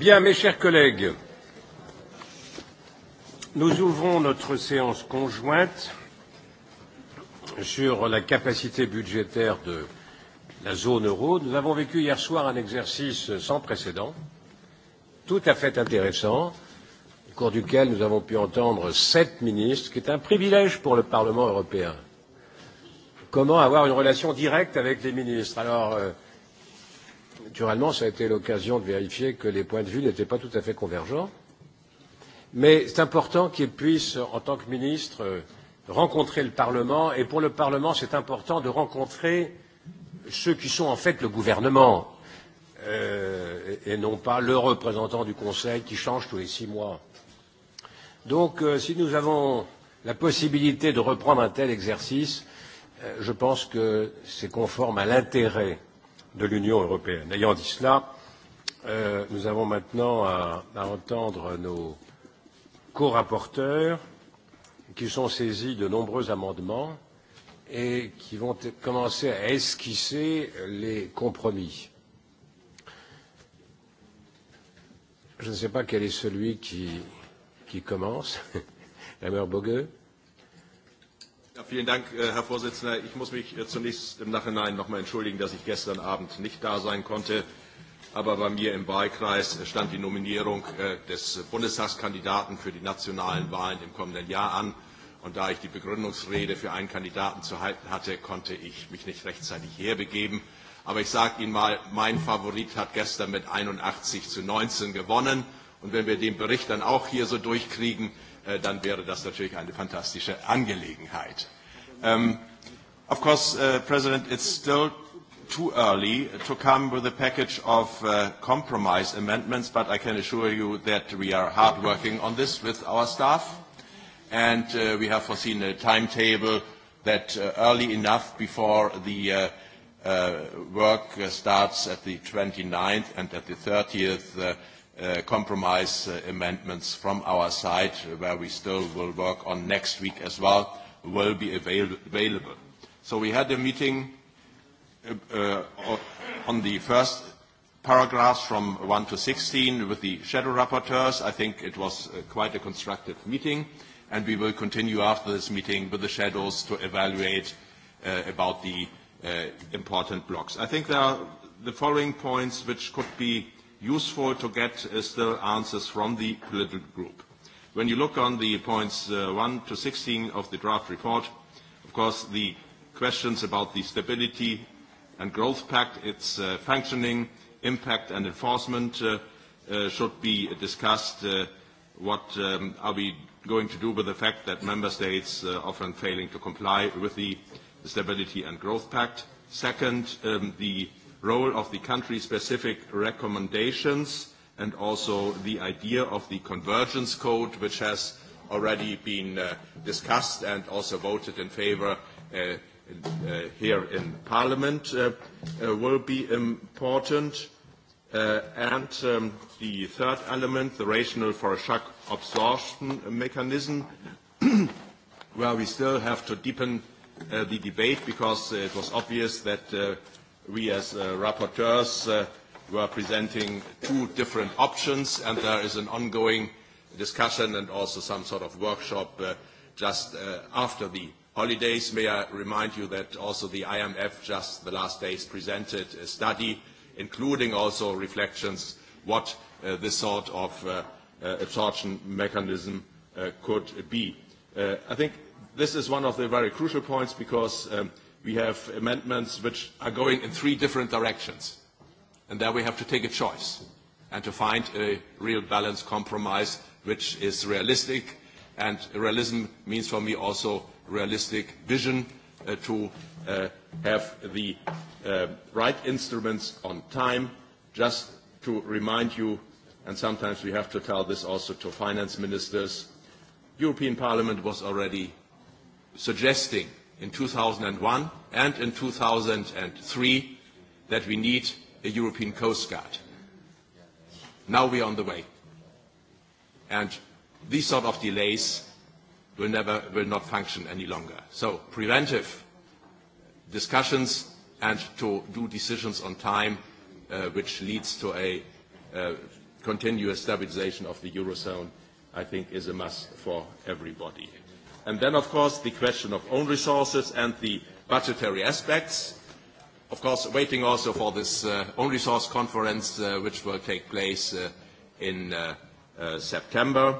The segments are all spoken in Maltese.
Bien, mes chers collègues, nous ouvrons notre séance conjointe sur la capacité budgétaire de la zone euro. Nous avons vécu hier soir un exercice sans précédent, tout à fait intéressant, au cours duquel nous avons pu entendre sept ministres, ce qui est un privilège pour le Parlement européen. Comment avoir une relation directe avec les ministres Alors, euh, Naturellement, ça a été l'occasion de vérifier que les points de vue n'étaient pas tout à fait convergents. Mais c'est important qu'il puisse, en tant que ministre, rencontrer le Parlement. Et pour le Parlement, c'est important de rencontrer ceux qui sont en fait le gouvernement euh, et non pas le représentant du Conseil qui change tous les six mois. Donc, euh, si nous avons la possibilité de reprendre un tel exercice, euh, je pense que c'est conforme à l'intérêt de l'Union européenne. Ayant dit cela, euh, nous avons maintenant à, à entendre nos co-rapporteurs qui sont saisis de nombreux amendements et qui vont commencer à esquisser les compromis. Je ne sais pas quel est celui qui, qui commence. Lameur Bogueux Ja, vielen Dank, äh, Herr Vorsitzender. Ich muss mich äh, zunächst im Nachhinein noch mal entschuldigen, dass ich gestern Abend nicht da sein konnte. Aber bei mir im Wahlkreis stand die Nominierung äh, des Bundestagskandidaten für die nationalen Wahlen im kommenden Jahr an. Und da ich die Begründungsrede für einen Kandidaten zu halten hatte, konnte ich mich nicht rechtzeitig herbegeben. Aber ich sage Ihnen mal, mein Favorit hat gestern mit 81 zu 19 gewonnen. Und wenn wir den Bericht dann auch hier so durchkriegen, Äh, dann wäre das natürlich eine fantastische Angelegenheit. Um, of course, uh, President, it's still too early to come with a package of uh, compromise amendments, but I can assure you that we are hard working on this with our staff, and uh, we have foreseen a timetable that uh, early enough before the uh, uh, work starts at the 29th and at the 30th uh, uh, compromise uh, amendments from our side, where we still will work on next week as well, will be avail available. So we had a meeting uh, uh, on the first paragraphs from 1 to 16 with the shadow rapporteurs. I think it was uh, quite a constructive meeting, and we will continue after this meeting with the shadows to evaluate uh, about the uh, important blocks. I think there are the following points which could be useful to get uh, still answers from the political group. When you look on the points uh, 1 to 16 of the draft report, of course the questions about the stability and growth pact, its uh, functioning, impact and enforcement uh, uh, should be discussed. Uh, what um, are we going to do with the fact that member states uh, often failing to comply with the stability and growth pact? Second, um, the role of the country-specific recommendations and also the idea of the convergence code, which has already been uh, discussed and also voted in favor uh, uh, here in Parliament, uh, uh, will be important. Uh, and um, the third element, the rational for a shock absorption mechanism, where we still have to deepen uh, the debate because uh, it was obvious that uh, we as uh, rapporteurs uh, were presenting two different options and there is an ongoing discussion and also some sort of workshop uh, just uh, after the holidays. May I remind you that also the IMF just the last days presented a study including also reflections what uh, this sort of uh, uh, absorption mechanism uh, could be. Uh, I think this is one of the very crucial points because um, we have amendments which are going in three different directions. And there we have to take a choice and to find a real balanced compromise which is realistic. And realism means for me also realistic vision uh, to uh, have the uh, right instruments on time. Just to remind you, and sometimes we have to tell this also to finance ministers, European Parliament was already suggesting in 2001 and in 2003 that we need a European Coast Guard. Now we are on the way. And these sort of delays will, never, will not function any longer. So preventive discussions and to do decisions on time, uh, which leads to a uh, continuous stabilization of the Eurozone, I think is a must for everybody. And then, of course, the question of own resources and the budgetary aspects. Of course, waiting also for this uh, own resource conference, uh, which will take place uh, in uh, uh, September.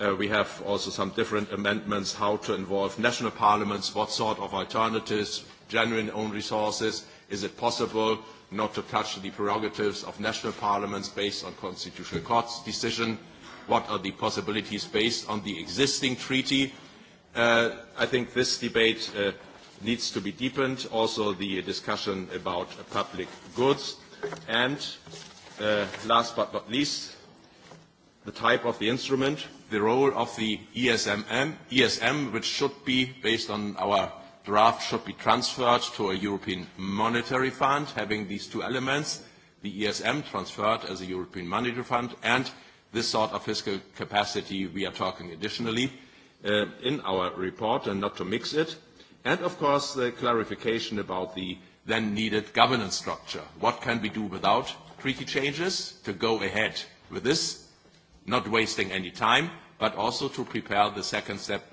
Uh, we have also some different amendments, how to involve national parliaments, what sort of alternatives, genuine own resources, is it possible not to touch the prerogatives of national parliaments based on constitutional court's decision, what are the possibilities based on the existing treaty. Uh, I think this debate uh, needs to be deepened, also the discussion about public goods, and uh, last but not least, the type of the instrument, the role of the ESMM, ESM, which should be, based on our draft, should be transferred to a European Monetary Fund, having these two elements, the ESM transferred as a European Monetary Fund, and this sort of fiscal capacity we are talking additionally uh, in our report, and not to mix it. And of course, the clarification about the then needed governance structure. What can we do without treaty changes to go ahead with this, not wasting any time, but also to prepare the second step,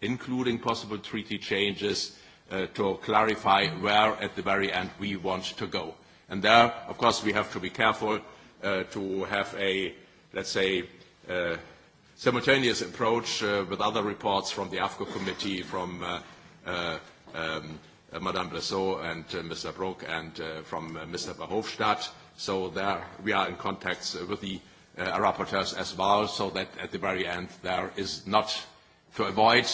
including possible treaty changes uh, to clarify where at the very end we want to go. And there, of course, we have to be careful uh, to have a, let's say, uh, simultaneous approach uh, with other reports from the AFCO committee, from uh, uh, um, uh, Madame Bressot and uh, Mr. Brok and uh, from uh, Mr. Verhofstadt. So there we are in contact with the uh, rapporteurs as well, so that at the very end there is not to avoid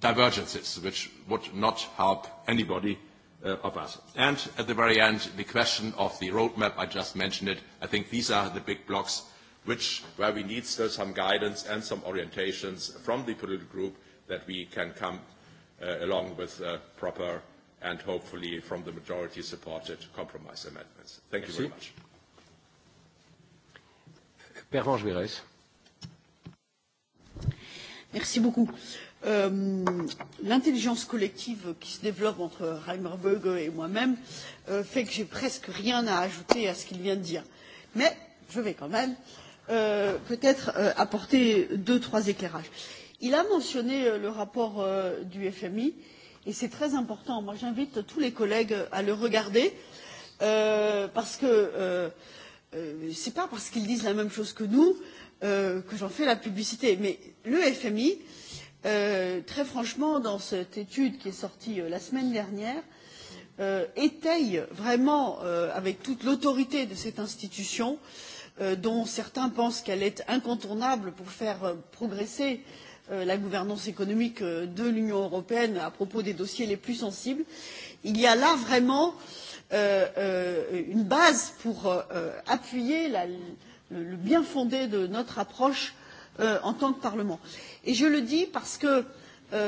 divergences, which would not help anybody uh, of us. And at the very end, the question of the roadmap, I just mentioned it. I think these are the big blocks which, where we need still some guidance and some orientations from the political group that we can come uh, along with uh, proper and hopefully from the majority supported compromise amendments. Thank Merci. you very much. Merci beaucoup. Euh, L'intelligence collective qui se développe entre Reimerberg et moi-même euh, fait que j'ai presque rien à ajouter à ce qu'il vient de dire. Mais je vais quand même euh, peut-être euh, apporter deux, trois éclairages. Euh, Il a mentionné euh, le rapport euh, du FMI et c'est très important. Moi, j'invite tous les collègues euh, à le regarder euh, parce que euh, euh, pas parce qu'ils disent la même chose que nous euh, que j'en fais la publicité. Mais le FMI, euh, très franchement, dans cette étude qui est sortie euh, la semaine dernière, euh, étaye vraiment euh, avec toute l'autorité de cette institution euh, dont certains pensent qu'elle est incontournable pour faire euh, progresser euh, Euh, la gouvernance économique euh, de l'Union européenne à propos des dossiers les plus sensibles. Il y a là vraiment euh, une base pour appuyer la, le bien fondé de notre approche en tant que Parlement. Et je le dis parce que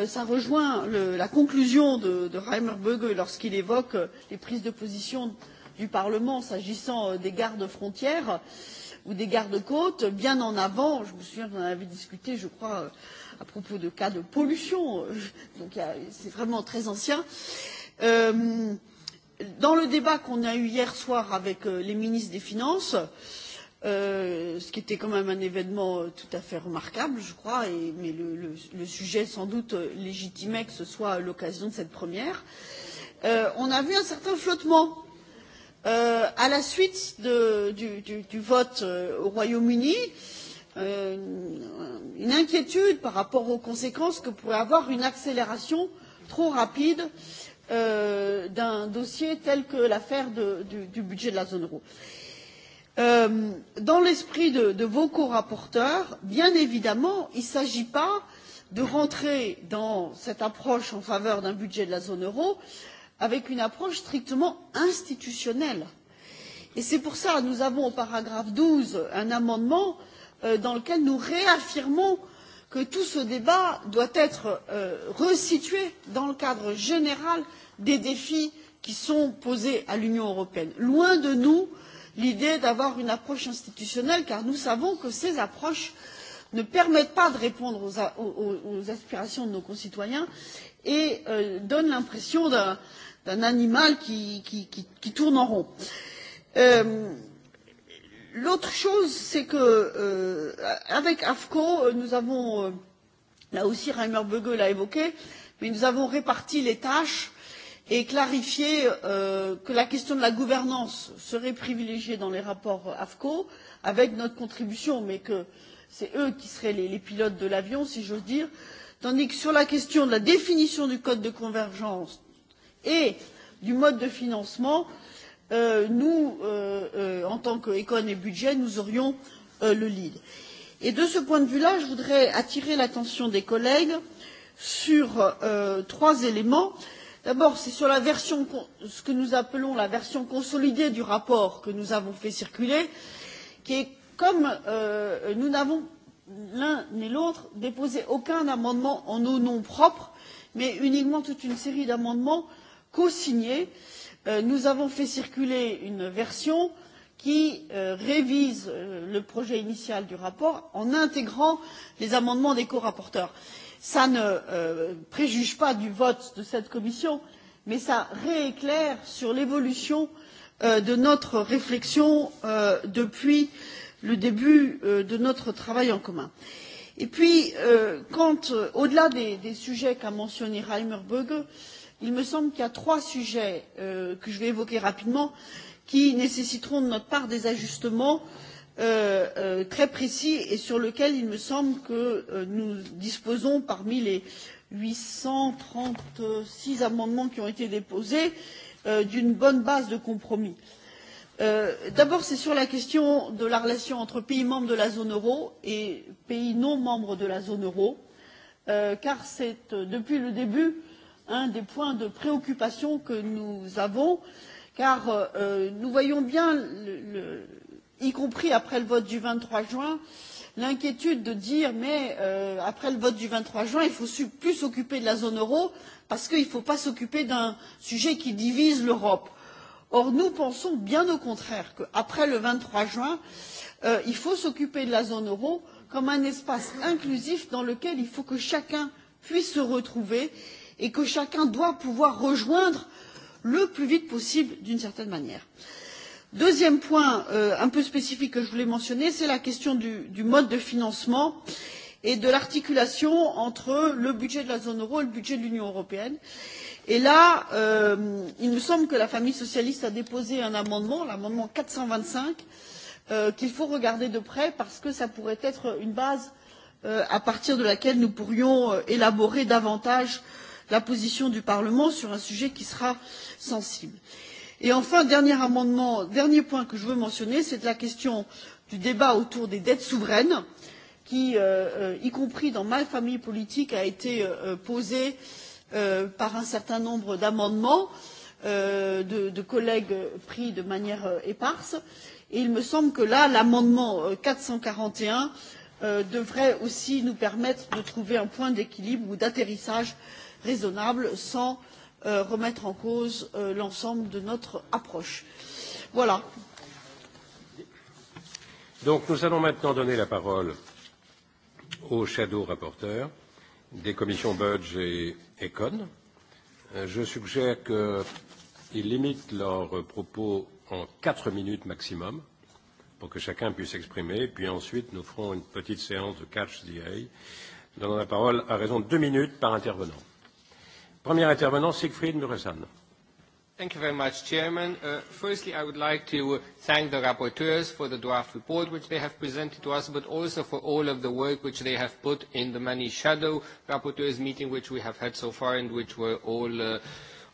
ça rejoint le, la conclusion de, de Reimer Böge lorsqu'il évoque les prises de position du Parlement s'agissant des gardes frontières ou des gardes côtes, bien en avant, je me souviens qu'on en avait discuté, je crois, à propos de cas de pollution, euh, donc c'est vraiment très ancien. Euh, dans le débat qu'on a eu hier soir avec euh, les ministres des Finances, euh, ce qui était quand même un événement euh, tout à fait remarquable, je crois, et, mais le, le, le sujet sans doute légitimait que ce soit l'occasion de cette première, euh, on a vu un certain flottement euh, à la suite de, du, du, du vote euh, au Royaume-Uni. Euh, euh, une inquiétude par rapport aux conséquences que pourrait avoir une accélération trop rapide euh, d'un dossier tel que l'affaire du, du budget de la zone euro. Euh, dans l'esprit de, de vos co-rapporteurs, bien évidemment, il ne s'agit pas de rentrer dans cette approche en faveur d'un budget de la zone euro avec une approche strictement institutionnelle. Et c'est pour cela que nous avons au paragraphe douze un amendement euh, Euh, dans lequel nous réaffirmons que tout ce débat doit être euh, resitué dans le cadre général des défis qui sont posés à l'Union européenne. Loin de nous l'idée d'avoir une approche institutionnelle, car nous savons que ces approches ne permettent pas de répondre aux, aux, aux aspirations de nos concitoyens et euh, donnent l'impression d'un animal qui, qui, qui, qui tourne en rond. Euh, L'autre chose, c'est que euh, avec AFCO, euh, nous avons, euh, là aussi Reimer Bege l'a évoqué, mais nous avons réparti les tâches et clarifié euh, que la question de la gouvernance serait privilégiée dans les rapports AFCO avec notre contribution, mais que c'est eux qui seraient les, les pilotes de l'avion, si j'ose dire, tandis que sur la question de la définition du code de convergence et du mode de financement, euh, euh, nous, euh, euh, en tant qu'écon et budget, nous aurions euh, le lead. Et de ce point de vue-là, je voudrais attirer l'attention des collègues sur euh, trois éléments. D'abord, c'est sur la version, ce que nous appelons la version consolidée du rapport que nous avons fait circuler, qui est comme euh, nous n'avons l'un ni l'autre déposé aucun amendement en nos noms propres, mais uniquement toute une série d'amendements co-signés euh, Euh, nous avons fait circuler une version qui euh, révise euh, le projet initial du rapport en intégrant les amendements des corapporteurs. Cela ne euh, préjuge pas du vote de cette commission, mais cela rééclaire sur l'évolution euh, de notre réflexion euh, depuis le début de notre travail en commun. Et puis, quand, au-delà des, des sujets qu'a mentionné Reimer Böge, Il me semble qu'il y a trois sujets euh, que je vais évoquer rapidement qui nécessiteront de notre part des ajustements euh, euh, très précis et sur lesquels il me semble que euh, nous disposons parmi les 836 amendements qui ont été déposés euh, d'une bonne base de compromis. Euh, D'abord, c'est sur la question de la relation entre pays membres de la zone euro et pays non membres de la zone euro, euh, car c'est euh, depuis le début un des points de préoccupation que nous avons, car euh, euh, nous voyons bien, le, le, y compris après le vote du 23 juin, l'inquiétude de dire mais euh, après le vote du 23 juin, il faut plus s'occuper de la zone euro parce qu'il ne faut pas s'occuper d'un sujet qui divise l'Europe. Or, nous pensons bien au contraire qu'après le 23 juin, euh, il faut s'occuper de la zone euro comme un espace inclusif dans lequel il faut que chacun puisse se retrouver et que chacun doit pouvoir rejoindre le plus vite possible d'une certaine manière. Deuxième point euh, un peu spécifique que je voulais mentionner, c'est la question du, du mode de financement et de l'articulation entre le budget de la zone euro et le budget de l'Union européenne. Et là, euh, il me semble que la famille socialiste a déposé un amendement, l'amendement 425, euh, qu'il faut regarder de près parce que ça pourrait être une base euh, à partir de laquelle nous pourrions euh, élaborer davantage euh, la position du Parlement sur un sujet qui sera sensible. Et enfin, dernier amendement, dernier point que je veux mentionner, c'est la question du débat autour des dettes souveraines, qui, euh, euh y compris dans ma famille politique, a été euh, euh, posée euh, par un certain nombre d'amendements euh, de, de collègues pris de manière euh, éparse. Et il me semble que là, l'amendement 441 euh, euh, devrait aussi nous permettre de trouver un point d'équilibre ou d'atterrissage euh, raisonnable sans euh, remettre en cause euh, l'ensemble de notre approche. Voilà. Donc nous allons maintenant donner la parole aux shadow rapporteurs des commissions Budge et Econ. Euh, je suggère qu'ils limitent leurs propos en quatre minutes maximum pour que chacun puisse s'exprimer. Puis ensuite, nous ferons une petite séance de catch the eye, donnant la parole à raison de deux minutes par intervenant. Premier intervenant, Siegfried Thank you very much, Chairman. Uh, firstly, I would like to thank the rapporteurs for the draft report which they have presented to us, but also for all of the work which they have put in the many shadow rapporteurs meeting which we have had so far and which were all uh,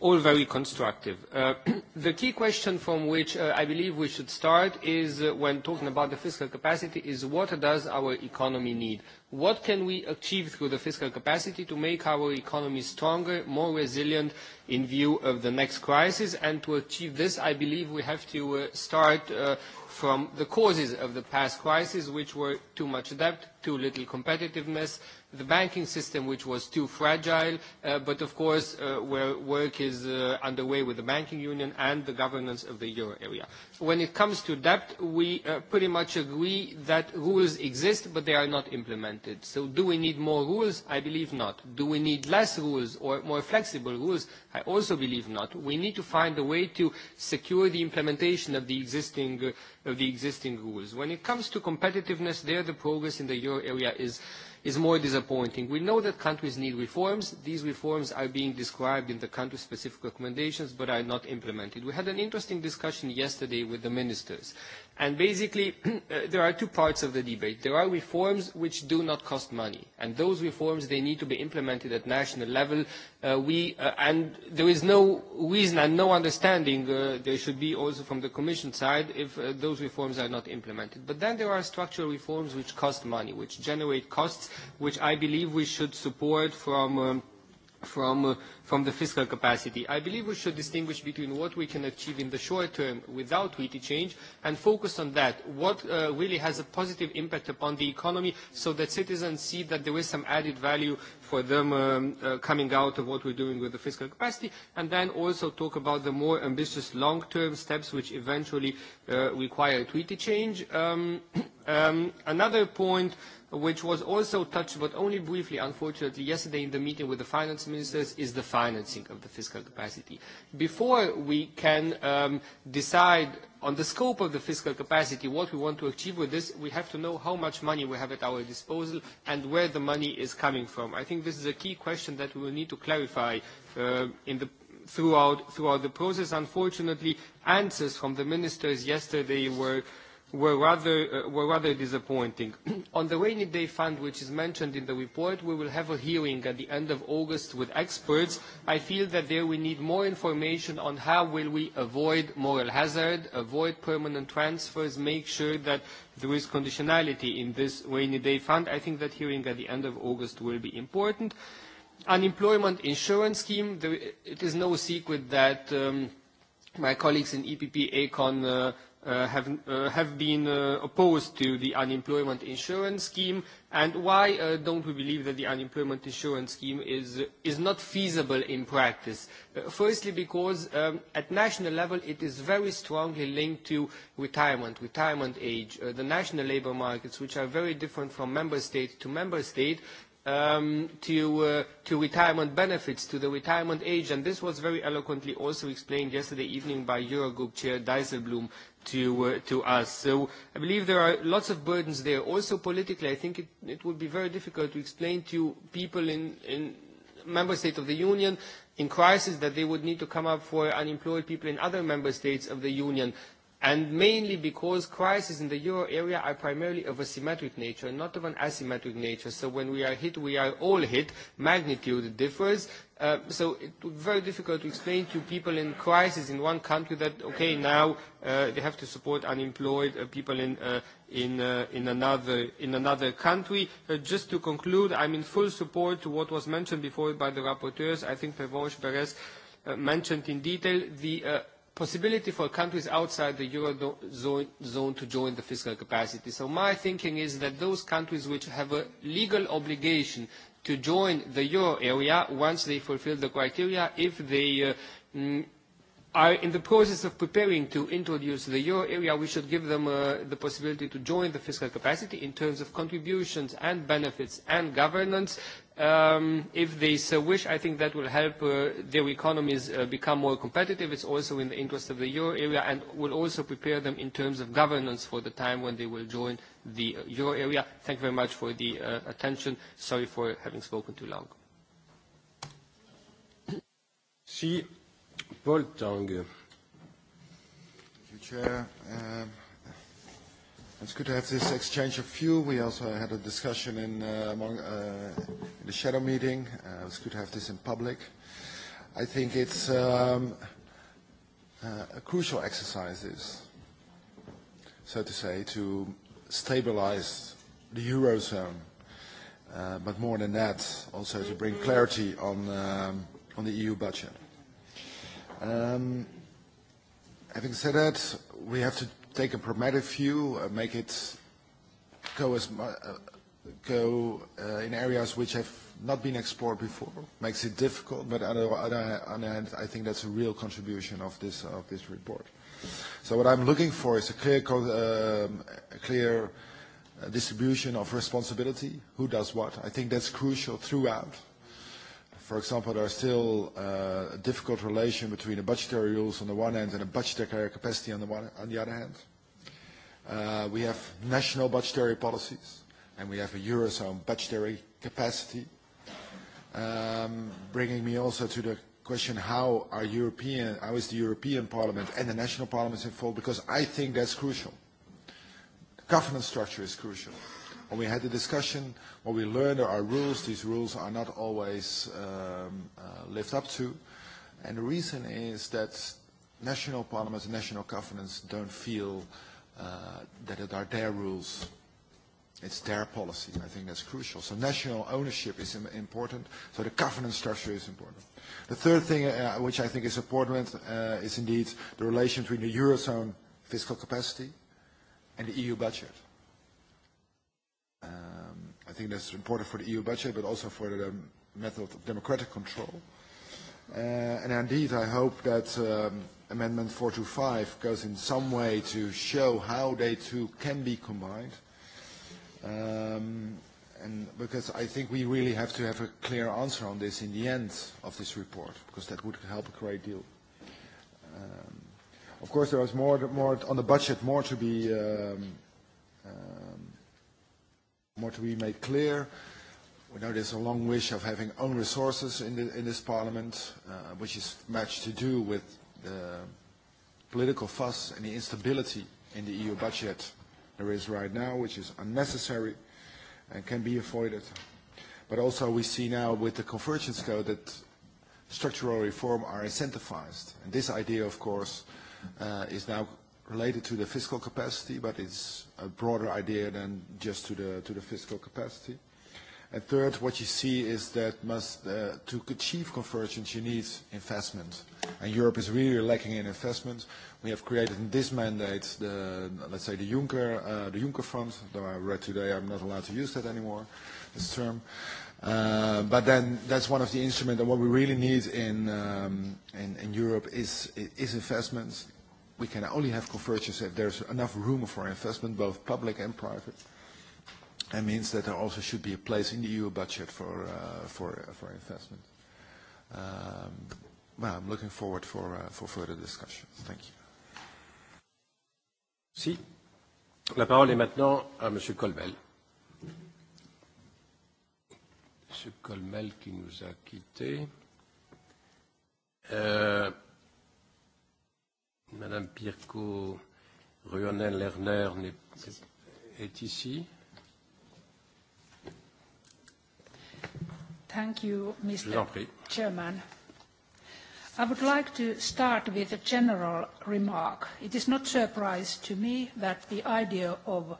all very constructive. Uh, the key question from which uh, I believe we should start is uh, when talking about the fiscal capacity is what does our economy need? What can we achieve through the fiscal capacity to make our economy stronger, more resilient in view of the next crisis? And to achieve this, I believe we have to uh, start uh, from the causes of the past crisis, which were too much debt, too little competitiveness, the banking system which was too fragile, uh, but of course uh, where work is uh, underway with the banking union and the governance of the euro area when it comes to debt, we uh, pretty much agree that rules exist, but they are not implemented. So do we need more rules? I believe not. Do we need less rules or more flexible rules? I also believe not. We need to find a way to secure the implementation of the existing, uh, of the existing rules. When it comes to competitiveness, there the progress in the euro area is is more disappointing. We know that countries need reforms. These reforms are being described in the country-specific recommendations but are not implemented. We had an interesting discussion yesterday with the ministers. And basically, uh, there are two parts of the debate. There are reforms which do not cost money, and those reforms, they need to be implemented at national level. Uh, we, uh, and there is no reason and no understanding uh, there should be also from the Commission side if uh, those reforms are not implemented. But then there are structural reforms which cost money, which generate costs, which I believe we should support from um, from, uh, from the fiscal capacity. I believe we should distinguish between what we can achieve in the short term without treaty change and focus on that, what uh, really has a positive impact upon the economy so that citizens see that there is some added value for them um, uh, coming out of what we're doing with the fiscal capacity, and then also talk about the more ambitious long-term steps which eventually uh, require treaty change. Um, um, another point which was also touched, but only briefly, unfortunately, yesterday in the meeting with the finance ministers, is the financing of the fiscal capacity. Before we can um, decide on the scope of the fiscal capacity, what we want to achieve with this, we have to know how much money we have at our disposal and where the money is coming from. I think this is a key question that we will need to clarify uh, in the throughout, throughout the process. Unfortunately, answers from the ministers yesterday were were rather, uh, were rather disappointing. On the rainy day fund, which is mentioned in the report, we will have a hearing at the end of August with experts. I feel that there we need more information on how will we avoid moral hazard, avoid permanent transfers, make sure that there is conditionality in this rainy day fund. I think that hearing at the end of August will be important. Unemployment insurance scheme, there, it is no secret that um, my colleagues in EPP, ACON, uh, uh, have, uh, have been uh, opposed to the unemployment insurance scheme and why uh, don't we believe that the unemployment insurance scheme is, is not feasible in practice? Uh, firstly, because um, at national level it is very strongly linked to retirement, retirement age, uh, the national labor markets, which are very different from member state to member state, um, to, uh, to retirement benefits, to the retirement age, and this was very eloquently also explained yesterday evening by Eurogroup Chair Dijsselbloem to, uh, to us. So I believe there are lots of burdens there. Also politically, I think it, it would be very difficult to explain to people in, in member states of the union in crisis that they would need to come up for unemployed people in other member states of the union and mainly because crises in the euro area are primarily of a symmetric nature, not of an asymmetric nature. So when we are hit, we are all hit. Magnitude differs. Uh, so it's very difficult to explain to people in crisis in one country that, okay, now uh, they have to support unemployed uh, people in, uh, in, uh, in, another, in another country. Uh, just to conclude, I'm in full support to what was mentioned before by the rapporteurs. I think Pervenche Perez uh, mentioned in detail the uh, possibility for countries outside the Eurozone to join the fiscal capacity. So my thinking is that those countries which have a legal obligation to join the Euro area once they fulfill the criteria, if they uh, mm, are in the process of preparing to introduce the euro area, we should give them uh, the possibility to join the fiscal capacity in terms of contributions and benefits and governance um, if they so wish, I think that will help uh, their economies uh, become more competitive. It's also in the interest of the euro area and will also prepare them in terms of governance for the time when they will join the uh, euro area. Thank you very much for the uh, attention. Sorry for having spoken too long. Paul Tang. Thank you, Chair. Uh, It's good to have this exchange of view. We also had a discussion in, uh, among, uh, in the shadow meeting. Uh, it's good to have this in public. I think it's um, uh, a crucial exercise, is, so to say, to stabilize the Eurozone. Uh, but more than that, also to bring clarity on, um, on the EU budget. Um, having said that, we have to take a pragmatic view, uh, make it go, as, uh, go uh, in areas which have not been explored before, makes it difficult, but on the other hand, I think that's a real contribution of this, of this report. So what I'm looking for is a clear, uh a clear uh, distribution of responsibility, who does what. I think that's crucial throughout For example, there are still uh, a difficult relation between the budgetary rules on the one hand and the budgetary capacity on the, one, on the other hand. Uh, we have national budgetary policies and we have a Eurozone budgetary capacity. Um, bringing me also to the question how are European, how is the European Parliament and the national parliaments involved because I think that's crucial. Governance structure is crucial when we had the discussion, what we learned are our rules. These rules are not always um, uh, lived up to. And the reason is that national parliaments and national governments don't feel uh, that it are their rules. It's their policy. I think that's crucial. So national ownership is important. So the governance structure is important. The third thing uh, which I think is important uh, is indeed the relation between the Eurozone fiscal capacity and the EU budget. Um, I think that's important for the EU budget, but also for the um, method of democratic control. Uh, and indeed, I hope that um, Amendment 425 goes in some way to show how they two can be combined. Um, and because I think we really have to have a clear answer on this in the end of this report, because that would help a great deal. Um, of course, there is more, more on the budget, more to be um, uh, More to be made clear, we know there's a long wish of having own resources in, the, in this parliament, uh, which is much to do with the political fuss and the instability in the EU budget there is right now, which is unnecessary and can be avoided. But also we see now with the convergence code that structural reform are incentivized. And this idea, of course, uh, is now related to the fiscal capacity, but it's a broader idea than just to the, to the fiscal capacity. And third, what you see is that must, uh, to achieve convergence, you need investment. And Europe is really lacking in investment. We have created in this mandate, the, let's say, the Juncker, uh, the Juncker Fund, though I read today I'm not allowed to use that anymore, this term. Uh, but then that's one of the instruments, and what we really need in, um, in, in Europe is, is investments we can only have convergence if there's enough room for investment, both public and private. That means that there also should be a place in the EU budget for, uh, for, uh, for investment. Um, well, I'm looking forward for, uh, for further discussion. Thank you. Si. La parole est maintenant à M. Colmel. M. Colmel qui nous a quittés. Euh, Madame Pirko Rionel Lerner est ici. Thank you, Mr. Chairman. I would like to start with a general remark. It is not a surprise to me that the idea of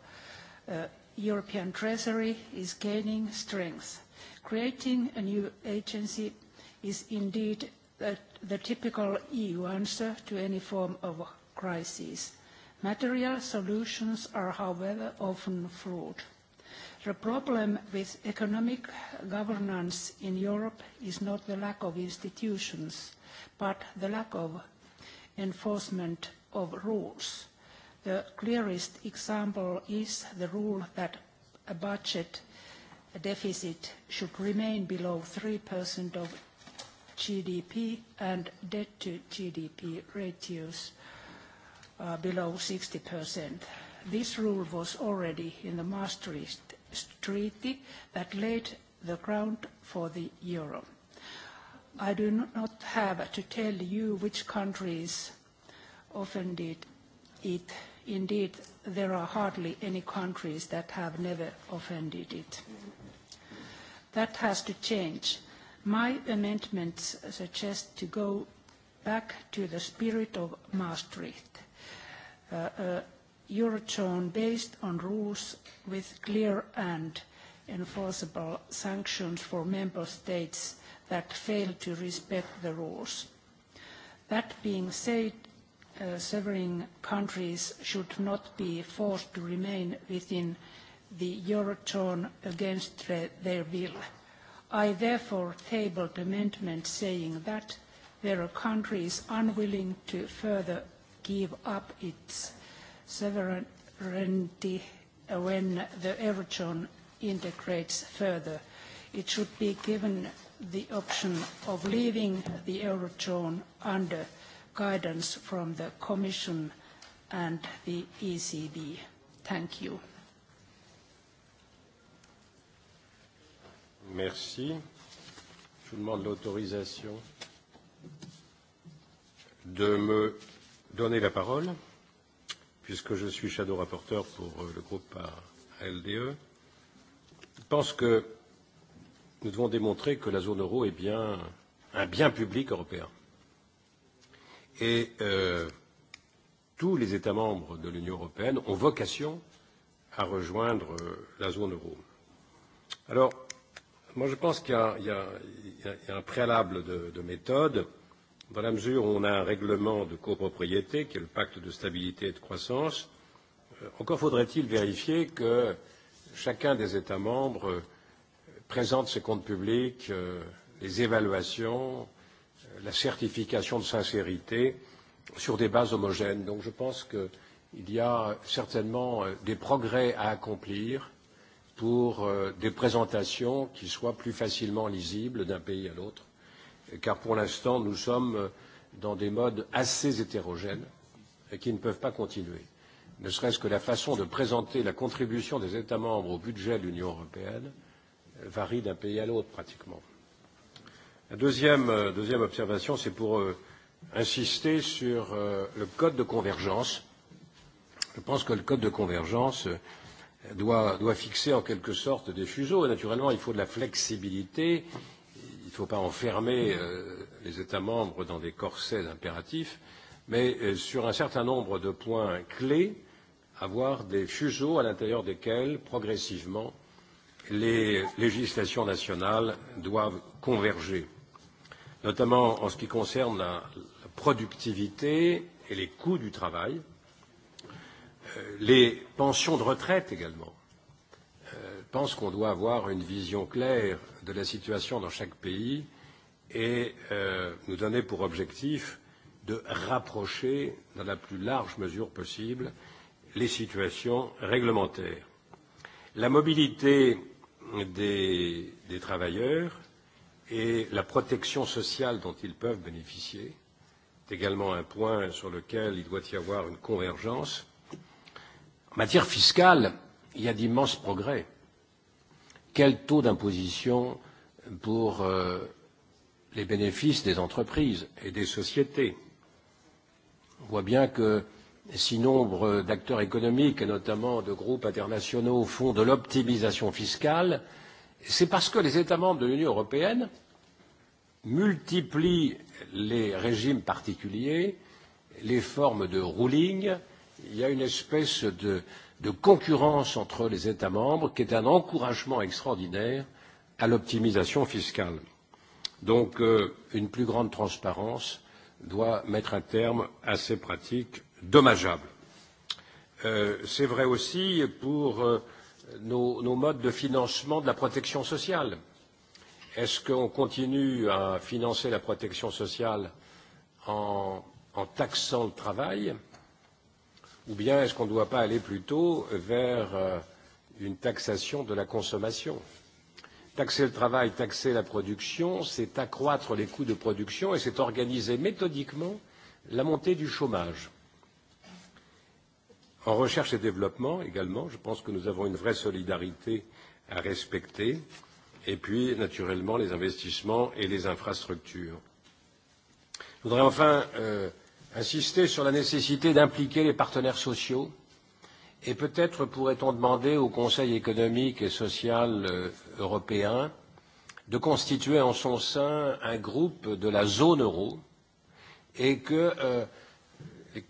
uh, European Treasury is gaining strength. Creating a new agency is indeed the, the typical EU answer to any form of crisis. Material solutions are, however, often flawed. The problem with economic governance in Europe is not the lack of institutions, but the lack of enforcement of rules. The clearest example is the rule that a budget deficit should remain below 3% of GDP and debt to GDP ratios uh, below 60%. This rule was already in the Maastricht Treaty that laid the ground for the euro. I do not have to tell you which countries offended it. Indeed, there are hardly any countries that have never offended it. That has to change. My amendments suggest to go back to the spirit of Maastricht, uh, uh, Eurozone based on rules with clear and enforceable sanctions for member states that fail to respect the rules. That being said, uh, severing countries should not be forced to remain within the Eurozone against their will. I therefore tabled amendment saying that where a country is unwilling to further give up its sovereignty when the Eurozone integrates further, it should be given the option of leaving the Eurozone under guidance from the Commission and the ECB. Thank you. Merci. Je vous demande l'autorisation de me donner la parole, puisque je suis shadow rapporteur pour euh, le groupe ALDE. Je pense que nous devons démontrer que la zone euro est bien un bien public européen. Et euh, tous les États membres de l'Union européenne ont vocation à rejoindre euh, la zone euro. Alors, Moi, je pense qu'il y, y, y, a un préalable de, de méthode, dans la mesure où on a un règlement de copropriété, qui est le pacte de stabilité et de croissance. Euh, encore faudrait-il vérifier que chacun des États membres euh, présente ses comptes publics, euh, les évaluations, la certification de sincérité sur des bases homogènes. Donc je pense qu'il y a certainement des progrès à accomplir pour euh, des présentations qui soient plus facilement lisibles d'un pays à l'autre, car pour l'instant, nous sommes euh, dans des modes assez hétérogènes et qui ne peuvent pas continuer. Ne serait-ce que la façon de présenter la contribution des États membres au budget de l'Union européenne varie d'un pays à l'autre pratiquement. La deuxième, euh, deuxième observation, c'est pour euh, insister sur euh, le code de convergence. Je pense que le code de convergence euh, doit, doit fixer en quelque sorte des fuseaux. Et naturellement, il faut de la flexibilité. Il ne faut pas enfermer euh, les États membres dans des corsets impératifs, mais euh, sur un certain nombre de points clés, avoir des fuseaux à l'intérieur desquels, progressivement, les législations nationales doivent converger, notamment en ce qui concerne la, la productivité et les coûts du travail Euh, les pensions de retraite également. Euh, je pense qu'on doit avoir une vision claire de la situation dans chaque pays et euh, nous donner pour objectif de rapprocher dans la plus large mesure possible les situations réglementaires. La mobilité des, des travailleurs et la protection sociale dont ils peuvent bénéficier est également un point sur lequel il doit y avoir une convergence En matière fiscale, il y a d'immenses progrès. Quel taux d'imposition pour euh, les bénéfices des entreprises et des sociétés On voit bien que si nombre d'acteurs économiques, et notamment de groupes internationaux, font de l'optimisation fiscale, c'est parce que les États membres de l'Union européenne multiplient les régimes particuliers, les formes de ruling, il y a une espèce de, de concurrence entre les États membres qui est un encouragement extraordinaire à l'optimisation fiscale. Donc, euh, une plus grande transparence doit mettre un terme à ces pratiques dommageables. Euh, C'est vrai aussi pour euh, nos, nos modes de financement de la protection sociale. Est-ce qu'on continue à financer la protection sociale en, en taxant le travail euh, Ou bien est-ce qu'on ne doit pas aller plutôt vers euh, une taxation de la consommation Taxer le travail, taxer la production, c'est accroître les coûts de production et c'est organiser méthodiquement la montée du chômage. En recherche et développement également, je pense que nous avons une vraie solidarité à respecter et puis naturellement les investissements et les infrastructures. Je voudrais enfin euh, insister sur la nécessité d'impliquer les partenaires sociaux et peut-être pourrait-on demander au Conseil économique et social euh, européen de constituer en son sein un groupe de la zone euro et que euh, les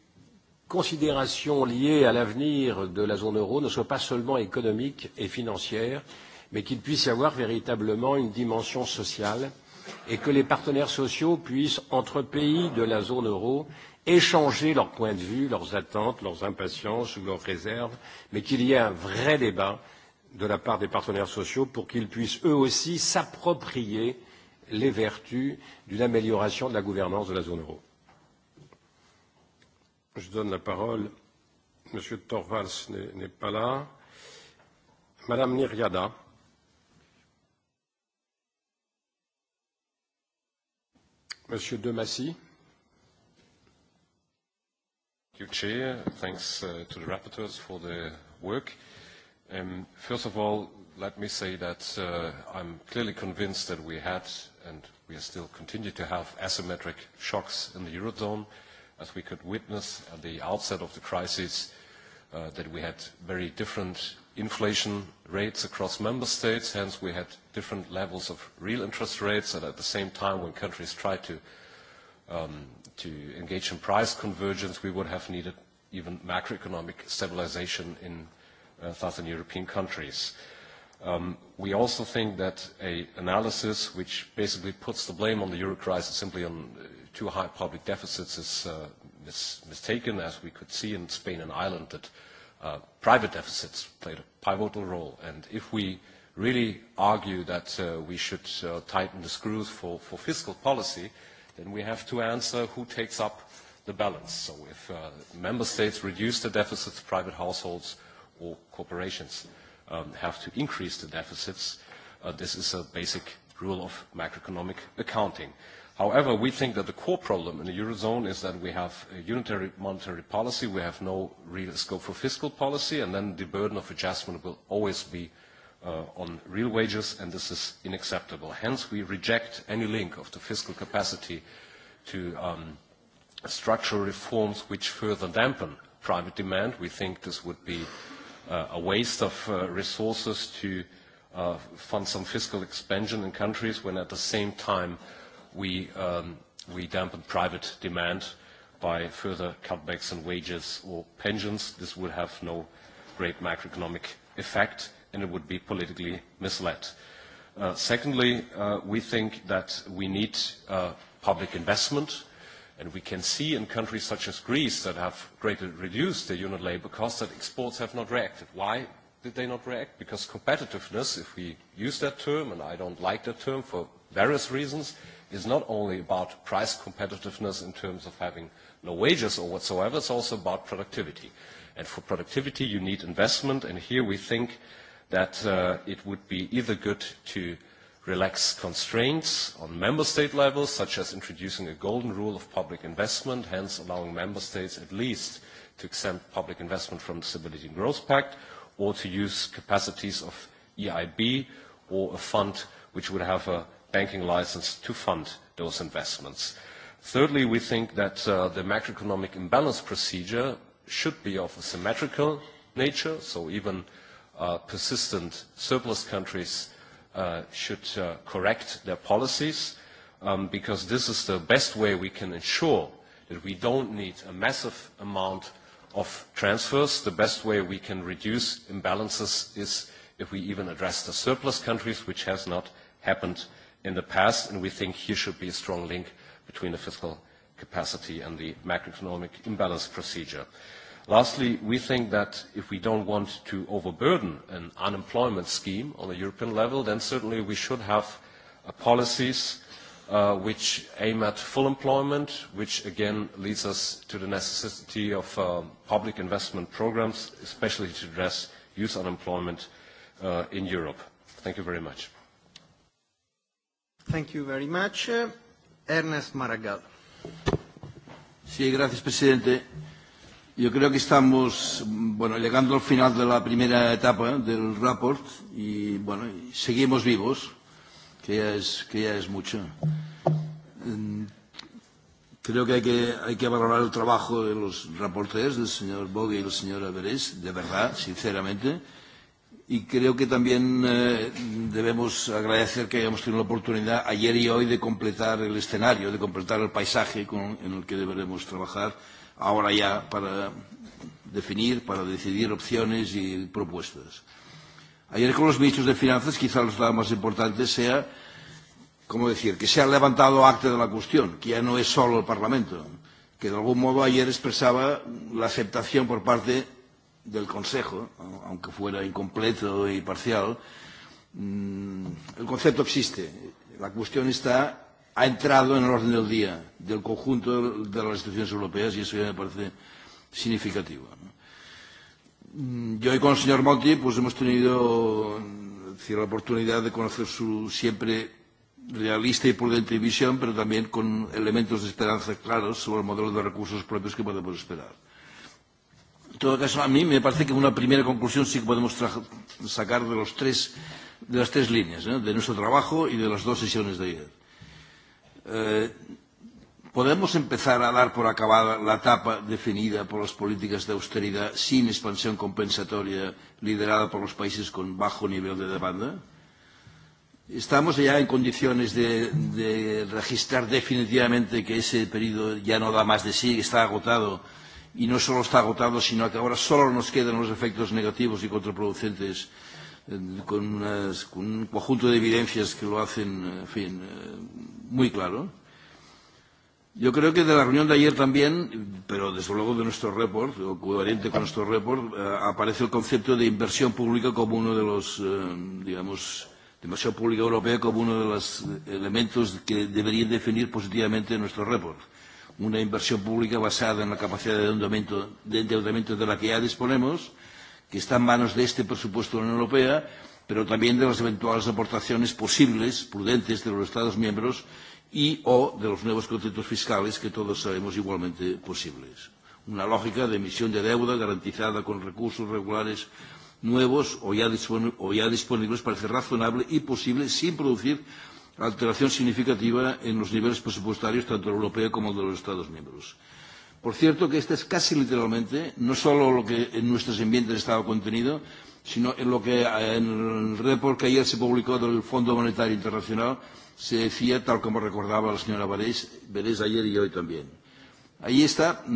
considérations liées à l'avenir de la zone euro ne soient pas seulement économiques et financières, mais qu'il puisse y avoir véritablement une dimension sociale et que les partenaires sociaux puissent, entre pays de la zone euro, échanger leurs points de vue, leurs attentes, leurs impatiences ou leurs réserves, mais qu'il y ait un vrai débat de la part des partenaires sociaux pour qu'ils puissent eux aussi s'approprier les vertus d'une amélioration de la gouvernance de la zone euro. Je donne la parole. Monsieur Torvalds n'est pas là. Madame Niriada. Monsieur Demassi. Thank you, Chair. Thanks uh, to the rapporteurs for their work. Um, first of all, let me say that uh, I'm clearly convinced that we had and we still continue to have asymmetric shocks in the Eurozone, as we could witness at the outset of the crisis, uh, that we had very different inflation rates across member states, hence we had different levels of real interest rates, and at the same time when countries tried to um, to engage in price convergence, we would have needed even macroeconomic stabilization in uh, southern European countries. Um, we also think that an analysis which basically puts the blame on the euro crisis simply on uh, too high public deficits is uh, mis mistaken, as we could see in Spain and Ireland that uh, private deficits played a pivotal role. And if we really argue that uh, we should uh, tighten the screws for, for fiscal policy, uh, then we have to answer who takes up the balance. So if uh, member states reduce the deficits, private households or corporations um, have to increase the deficits. Uh, this is a basic rule of macroeconomic accounting. However, we think that the core problem in the Eurozone is that we have a unitary monetary policy, we have no real scope for fiscal policy, and then the burden of adjustment will always be uh, on real wages, and this is unacceptable. Hence, we reject any link of the fiscal capacity to um, structural reforms which further dampen private demand. We think this would be uh, a waste of uh, resources to uh, fund some fiscal expansion in countries when at the same time we, um, we dampen private demand by further cutbacks in wages or pensions. This would have no great macroeconomic effect and it would be politically misled. Uh, secondly, uh, we think that we need uh, public investment, and we can see in countries such as Greece that have greatly reduced their unit labor costs that exports have not reacted. Why did they not react? Because competitiveness, if we use that term, and I don't like that term for various reasons, is not only about price competitiveness in terms of having no wages or whatsoever, it's also about productivity. And for productivity, you need investment, and here we think that uh, it would be either good to relax constraints on member state levels, such as introducing a golden rule of public investment, hence allowing member states at least to exempt public investment from the Stability and Growth Pact, or to use capacities of EIB or a fund which would have a banking license to fund those investments. Thirdly, we think that uh, the macroeconomic imbalance procedure should be of a symmetrical nature, so even uh, persistent surplus countries uh, should uh, correct their policies um, because this is the best way we can ensure that we don't need a massive amount of transfers. The best way we can reduce imbalances is if we even address the surplus countries, which has not happened in the past, and we think here should be a strong link between the fiscal capacity and the macroeconomic imbalance procedure. Lastly, we think that if we don't want to overburden an unemployment scheme on a European level, then certainly we should have uh, policies uh, which aim at full employment, which again leads us to the necessity of uh, public investment programs, especially to address youth unemployment uh, in Europe. Thank you very much. Thank you very much. Ernest Maragall. Sí, gracias, presidente. Yo creo que estamos, bueno, llegando al final de la primera etapa ¿eh? del report y, bueno, seguimos vivos, que ya es, que ya es mucho. Creo que hay, que hay que valorar el trabajo de los reporteros, del señor Bogue y del señor Averés, de verdad, sinceramente. Y creo que también eh, debemos agradecer que hayamos tenido la oportunidad ayer y hoy de completar el escenario, de completar el paisaje con, en el que deberemos trabajar ahora ya para definir, para decidir opciones y propuestas. Ayer con los ministros de Finanzas quizá los más importante sea, como decir, que se ha levantado acta de la cuestión, que ya no es solo el Parlamento, que de algún modo ayer expresaba la aceptación por parte del Consejo, aunque fuera incompleto y parcial, mm, el concepto existe. La cuestión está ha entrado en el orden del día del conjunto de las instituciones europeas y eso ya me parece significativo. Mm, yo hoy con el señor Monti pues hemos tenido mm, decir, la oportunidad de conocer su siempre realista y prudente visión, pero también con elementos de esperanza claros sobre el modelo de recursos propios que podemos esperar. En todo caso, a mí me parece que una primera conclusión sí que podemos sacar de, los tres, de las tres líneas, ¿eh? de nuestro trabajo y de las dos sesiones de ayer. Eh, podemos empezar a dar por acabada la etapa definida por las políticas de austeridad sin expansión compensatoria liderada por los países con bajo nivel de demanda? ¿Estamos ya en condiciones de, de registrar definitivamente que ese periodo ya no da más de sí, está agotado? Y no solo está agotado, sino que ahora solo nos quedan los efectos negativos y contraproducentes con, con un conjunto de evidencias que lo hacen, en fin, eh, muy claro. Yo creo que de la reunión de ayer también, pero desde luego de nuestro report, o coherente con nuestro report, eh, aparece el concepto de inversión pública como uno de los, eh, digamos, de inversión pública europea como uno de los elementos que deberían definir positivamente nuestro report. Una inversión pública basada en la capacidad de endeudamiento, de endeudamiento de la que ya disponemos, eh, que está en manos de este presupuesto de la Unión Europea, pero también de las eventuales aportaciones posibles, prudentes, de los Estados miembros y o de los nuevos conceptos fiscales que todos sabemos igualmente posibles. Una lógica de emisión de deuda garantizada con recursos regulares nuevos o ya, o ya disponibles parece razonable y posible sin producir alteración significativa en los niveles presupuestarios tanto de la europea como de los Estados miembros. Por cierto que esta es casi literalmente, no solo lo que en nuestras enmiendas estaba contenido, sino en lo que eh, en el report que ayer se publicó del Fondo Monetario Internacional se decía, tal como recordaba la señora Varés Berés ayer y hoy también. Ahí está mm,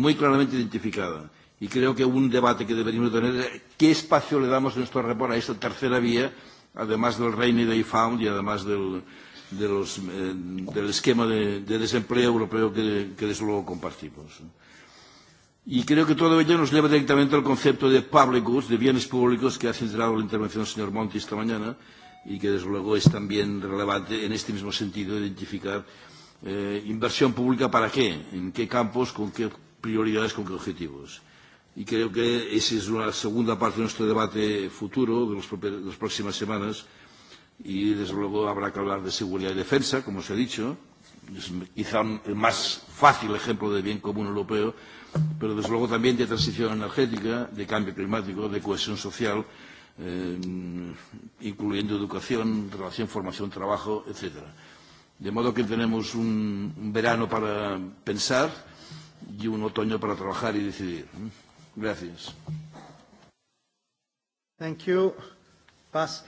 muy claramente identificada. Y creo que un debate que deberíamos tener es qué espacio le damos en nuestro report a esta tercera vía, además del Reino Day Found y además del, de los, eh, del esquema de, de desempleo europeo que, que desde luego compartimos. Y creo que todo ello nos lleva directamente al concepto de public goods, de bienes públicos, que ha centrado la intervención del señor Monti esta mañana y que desde luego es también relevante en este mismo sentido identificar eh, inversión pública para qué, en qué campos, con qué prioridades, con qué objetivos. Y creo que esa es una segunda parte de nuestro debate futuro de, los de las próximas semanas y desde luego habrá que hablar de seguridad y defensa, como os he dicho, es quizá el más fácil ejemplo de bien común europeo, pero desde luego también de transición energética, de cambio climático, de cohesión social, eh, incluyendo educación, relación, formación, trabajo, etc. De modo que tenemos un, un verano para pensar y un otoño para trabajar y decidir. Gracias. Thank you. Pass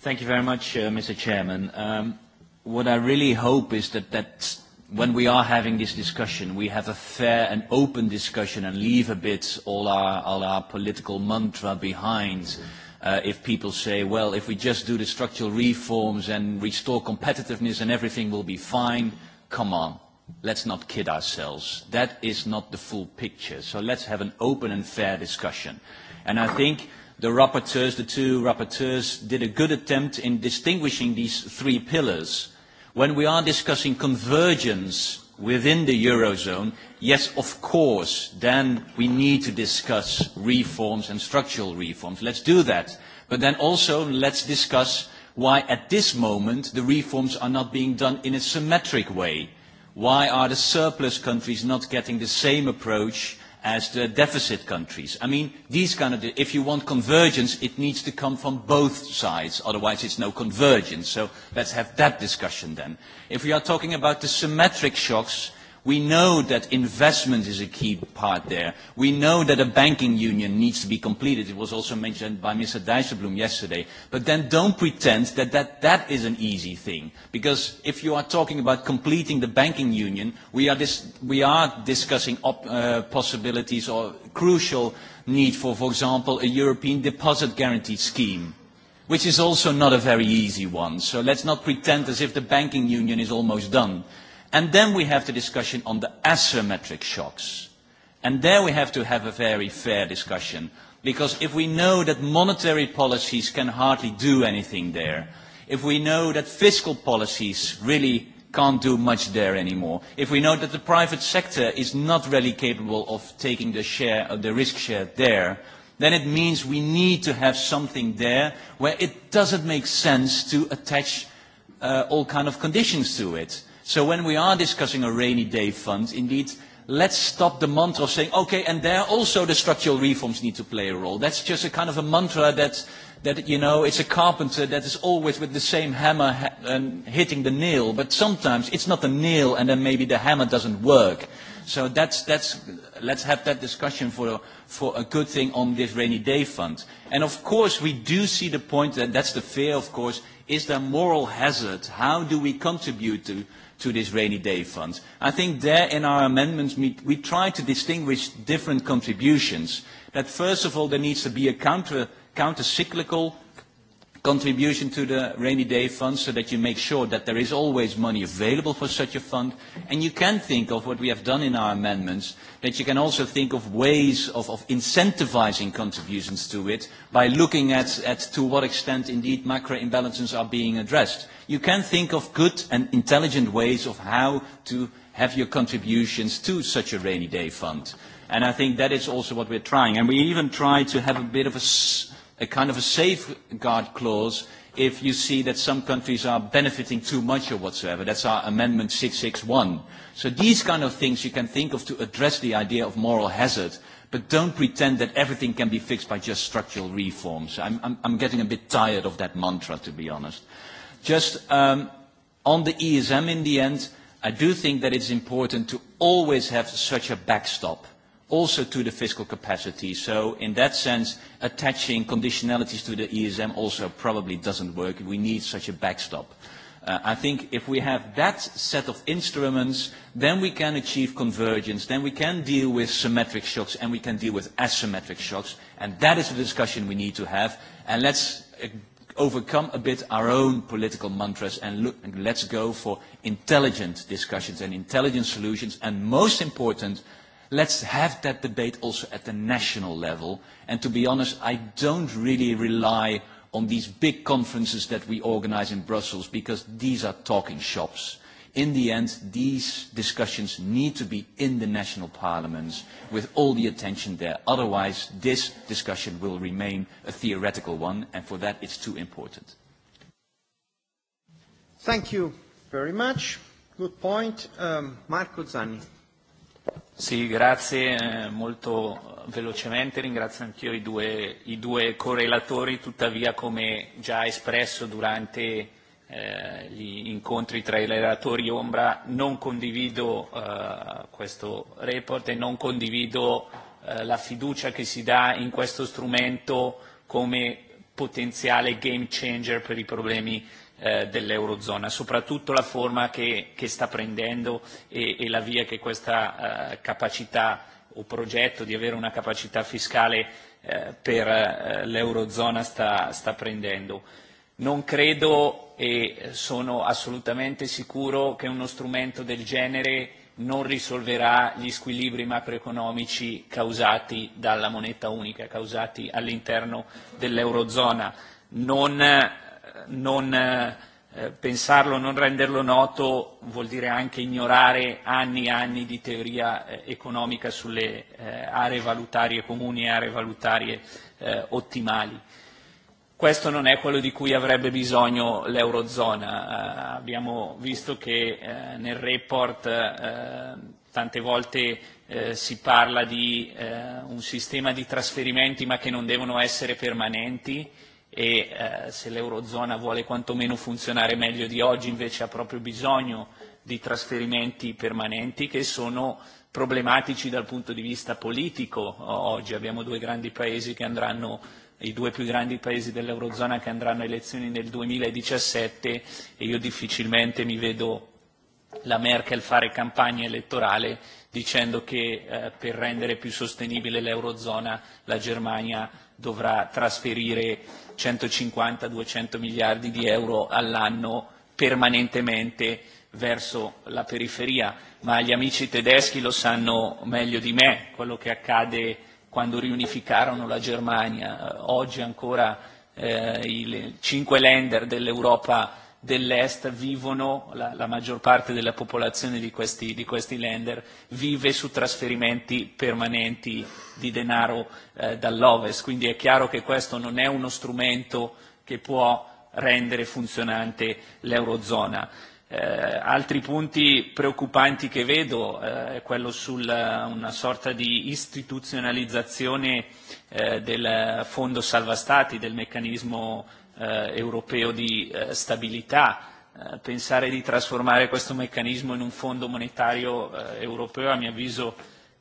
Thank you very much, uh, Mr. Chairman. Um, what I really hope is that, that when we are having this discussion, we have a fair and open discussion and leave a bit all our, all our political mantra behind. Uh, if people say, well, if we just do the structural reforms and restore competitiveness and everything will be fine, come on, let's not kid ourselves. That is not the full picture. So let's have an open and fair discussion. And I think the rapporteurs, the two rapporteurs, did a good attempt in distinguishing these three pillars. When we are discussing convergence within the Eurozone, yes, of course, then we need to discuss reforms and structural reforms. Let's do that. But then also let's discuss why at this moment the reforms are not being done in a symmetric way. Why are the surplus countries not getting the same approach as the deficit countries. I mean, these kind of, if you want convergence, it needs to come from both sides, otherwise it's no convergence. So let's have that discussion then. If we are talking about the symmetric shocks, We know that investment is a key part there. We know that a banking union needs to be completed. It was also mentioned by Mr. Dijsselbloem yesterday. But then don't pretend that that, that is an easy thing. Because if you are talking about completing the banking union, we are, dis we are discussing op uh, possibilities or crucial need for, for example, a European deposit guarantee scheme which is also not a very easy one. So let's not pretend as if the banking union is almost done. And then we have the discussion on the asymmetric shocks. And there we have to have a very fair discussion because if we know that monetary policies can hardly do anything there, if we know that fiscal policies really can't do much there anymore, if we know that the private sector is not really capable of taking the share of uh, the risk share there, then it means we need to have something there where it doesn't make sense to attach uh, all kind of conditions to it. So when we are discussing a rainy day fund, indeed, let's stop the mantra of saying, okay, and there also the structural reforms need to play a role. That's just a kind of a mantra that, that you know, it's a carpenter that is always with the same hammer ha um, hitting the nail, but sometimes it's not the nail and then maybe the hammer doesn't work. So that's, that's, let's have that discussion for, for a good thing on this rainy day fund. And of course, we do see the point that that's the fear, of course, is there moral hazard? How do we contribute to to this rainy day fund. I think there in our amendments we, we try to distinguish different contributions. That first of all there needs to be a counter, counter-cyclical contribution to the rainy day fund so that you make sure that there is always money available for such a fund. And you can think of what we have done in our amendments, that you can also think of ways of, of incentivizing contributions to it by looking at, at to what extent indeed macro imbalances are being addressed. You can think of good and intelligent ways of how to have your contributions to such a rainy day fund. And I think that is also what we're trying. And we even try to have a bit of a s a kind of a safeguard clause if you see that some countries are benefiting too much or whatsoever. That's our Amendment 661. So these kind of things you can think of to address the idea of moral hazard, but don't pretend that everything can be fixed by just structural reforms. I'm, I'm, I'm getting a bit tired of that mantra, to be honest. Just um, on the ESM in the end, I do think that it's important to always have such a backstop – also to the fiscal capacity. So in that sense, attaching conditionalities to the ESM also probably doesn't work. We need such a backstop. Uh, I think if we have that set of instruments, then we can achieve convergence, then we can deal with symmetric shocks and we can deal with asymmetric shocks. And that is the discussion we need to have. And let's uh, overcome a bit our own political mantras and, look, and let's go for intelligent discussions and intelligent solutions. And most important, Let's have that debate also at the national level. And to be honest, I don't really rely on these big conferences that we organize in Brussels because these are talking shops. In the end, these discussions need to be in the national parliaments with all the attention there. Otherwise, this discussion will remain a theoretical one, and for that it's too important. Thank you very much. Good point. Um, Marco Zanni. Sì, grazie. Eh, molto velocemente ringrazio anch'io i due, i due correlatori, tuttavia come già espresso durante eh, gli incontri tra i relatori ombra non condivido eh, questo report e non condivido eh, la fiducia che si dà in questo strumento come potenziale game changer per i problemi Eh, dell'Eurozona, soprattutto la forma che, che sta prendendo e, e la via che questa eh, capacità o progetto di avere una capacità fiscale eh, per eh, l'Eurozona sta, sta prendendo. Non credo e sono assolutamente sicuro che uno strumento del genere non risolverà gli squilibri macroeconomici causati dalla moneta unica, causati all'interno dell'Eurozona. Non non eh, pensarlo, non renderlo noto vuol dire anche ignorare anni e anni di teoria eh, economica sulle eh, aree valutarie comuni e aree valutarie ottimali. Questo non è quello di cui avrebbe bisogno l'Eurozona. Eh, abbiamo visto che eh, nel report eh, tante volte eh, si parla di eh, un sistema di trasferimenti ma che non devono essere permanenti e eh, se l'Eurozona vuole quantomeno funzionare meglio di oggi invece ha proprio bisogno di trasferimenti permanenti che sono problematici dal punto di vista politico oggi. Abbiamo due grandi paesi che andranno i due più grandi paesi dell'Eurozona che andranno a elezioni nel 2017 e io difficilmente mi vedo la Merkel fare campagna elettorale dicendo che eh, per rendere più sostenibile l'Eurozona la Germania dovrà trasferire 150-200 miliardi di euro all'anno permanentemente verso la periferia, ma gli amici tedeschi lo sanno meglio di me, quello che accade quando riunificarono la Germania. Eh, oggi ancora eh, i cinque lender dell'Europa dell'est vivono, la, la maggior parte della popolazione di questi, di questi lender vive su trasferimenti permanenti di denaro eh, dall'ovest, quindi è chiaro che questo non è uno strumento che può rendere funzionante l'Eurozona. Eh, altri punti preoccupanti che vedo eh, è quello su eh, una sorta di istituzionalizzazione eh, del fondo salva stati, del meccanismo eh, europeo di eh, stabilità. Eh, pensare di trasformare questo meccanismo in un fondo monetario eh, europeo, a mio avviso,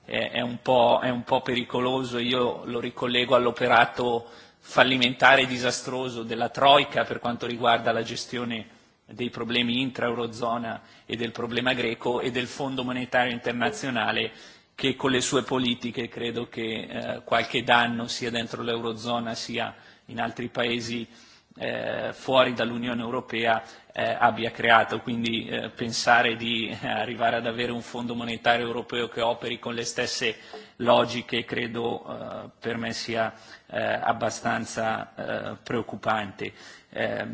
è, è, un po', è un po' pericoloso. Io lo ricollego all'operato fallimentare e disastroso della Troica per quanto riguarda la gestione dei problemi intra-eurozona e del problema greco e del Fondo Monetario Internazionale che con le sue politiche credo che eh, qualche danno sia dentro l'eurozona sia in altri paesi eh, fuori dall'Unione Europea eh, abbia creato, quindi eh, pensare di eh, arrivare ad avere un fondo monetario europeo che operi con le stesse logiche credo eh, per me sia eh, abbastanza eh, preoccupante. Eh,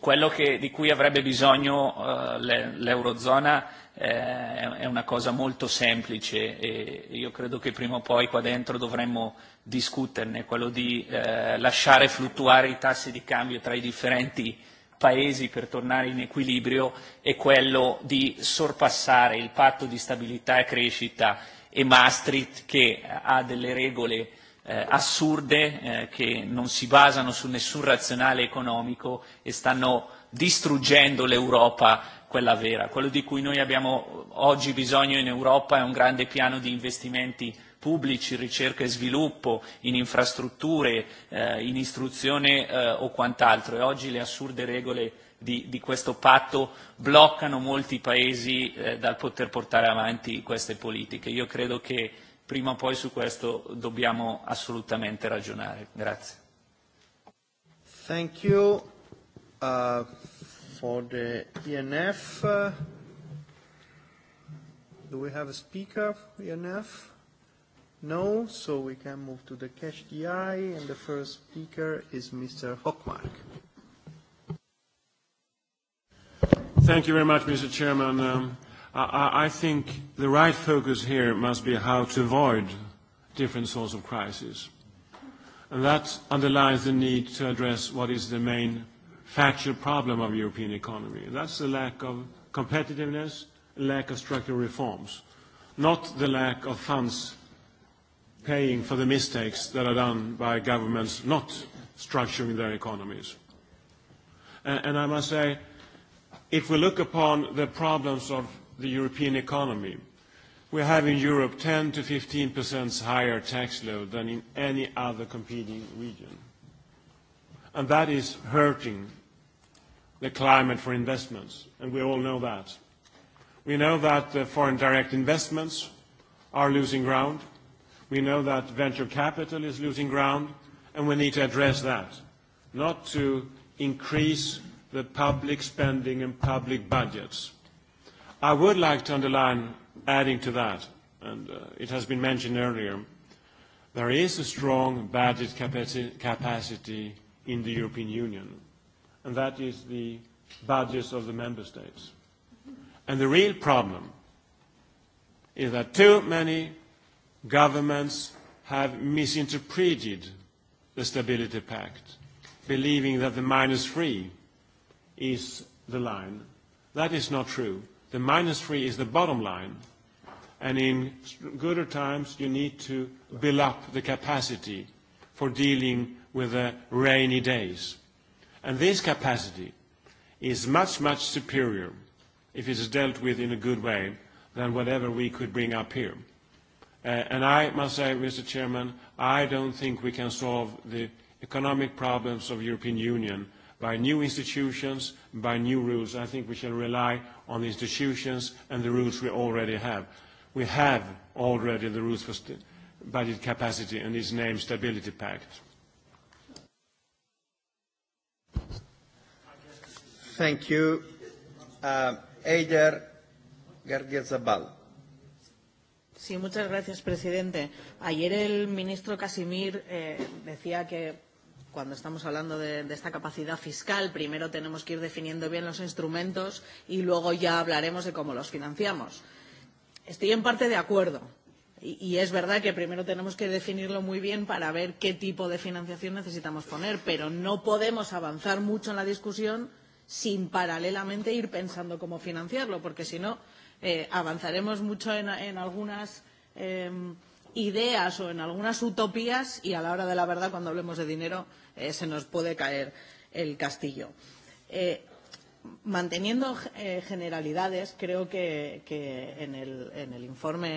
quello che, di cui avrebbe bisogno eh, l'Eurozona le, eh, è una cosa molto semplice e io credo che prima o poi qua dentro dovremmo discuterne, quello di eh, lasciare fluttuare i tassi di cambio tra i differenti paesi per tornare in equilibrio e quello di sorpassare il patto di stabilità e crescita e Maastricht che ha delle regole eh, assurde eh, che non si basano su nessun razionale economico e stanno distruggendo l'Europa quella vera. Quello di cui noi abbiamo oggi bisogno in Europa è un grande piano di investimenti pubblici, ricerca e sviluppo, in infrastrutture, eh, in istruzione eh, o quant'altro. E oggi le assurde regole di, di questo patto bloccano molti paesi eh, dal poter portare avanti queste politiche. Io credo che prima o poi su questo dobbiamo assolutamente ragionare. Grazie. Thank you. Uh, for the ENF. Uh, do we have a speaker for ENF? No, so we can move to the cash DI, and the first speaker is Mr. Hockmark. Thank you very much, Mr. Chairman. Um, I, I think the right focus here must be how to avoid different sorts of crises. And that underlies the need to address what is the main factual problem of European economy. That's the lack of competitiveness, lack of structural reforms, not the lack of funds paying for the mistakes that are done by governments not structuring their economies. And, and I must say, if we look upon the problems of the European economy, we have in Europe 10 to 15 percent higher tax load than in any other competing region. And that is hurting the climate for investments, and we all know that. We know that uh, foreign direct investments are losing ground. We know that venture capital is losing ground, and we need to address that, not to increase the public spending and public budgets. I would like to underline, adding to that, and uh, it has been mentioned earlier, there is a strong budget capacity, capacity in the European Union and that is the budgets of the member states. And the real problem is that too many governments have misinterpreted the Stability Pact, believing that the minus three is the line. That is not true. The minus three is the bottom line. And in gooder times, you need to build up the capacity for dealing with the rainy days And this capacity is much, much superior if it is dealt with in a good way than whatever we could bring up here. Uh, and I must say, Mr. Chairman, I don't think we can solve the economic problems of European Union by new institutions, by new rules. I think we shall rely on the institutions and the rules we already have. We have already the rules for st budget capacity and its name Stability Pact. Thank you. Uh, Eider Gardia Zabal. Sí, muchas gracias, presidente. Ayer el ministro Casimir eh, decía que cuando estamos hablando de, de esta capacidad fiscal, primero tenemos que ir definiendo bien los instrumentos y luego ya hablaremos de cómo los financiamos. Estoy en parte de acuerdo. y es verdad que primero tenemos que definirlo muy bien para ver qué tipo de financiación necesitamos poner, pero no podemos avanzar mucho en la discusión sin paralelamente ir pensando cómo financiarlo, porque si no eh, avanzaremos mucho en, en algunas eh, ideas o en algunas utopías y a la hora de la verdad, cuando hablemos de dinero, eh, se nos puede caer el castillo. Eh, manteniendo eh, generalidades, creo que, que en, el, en el informe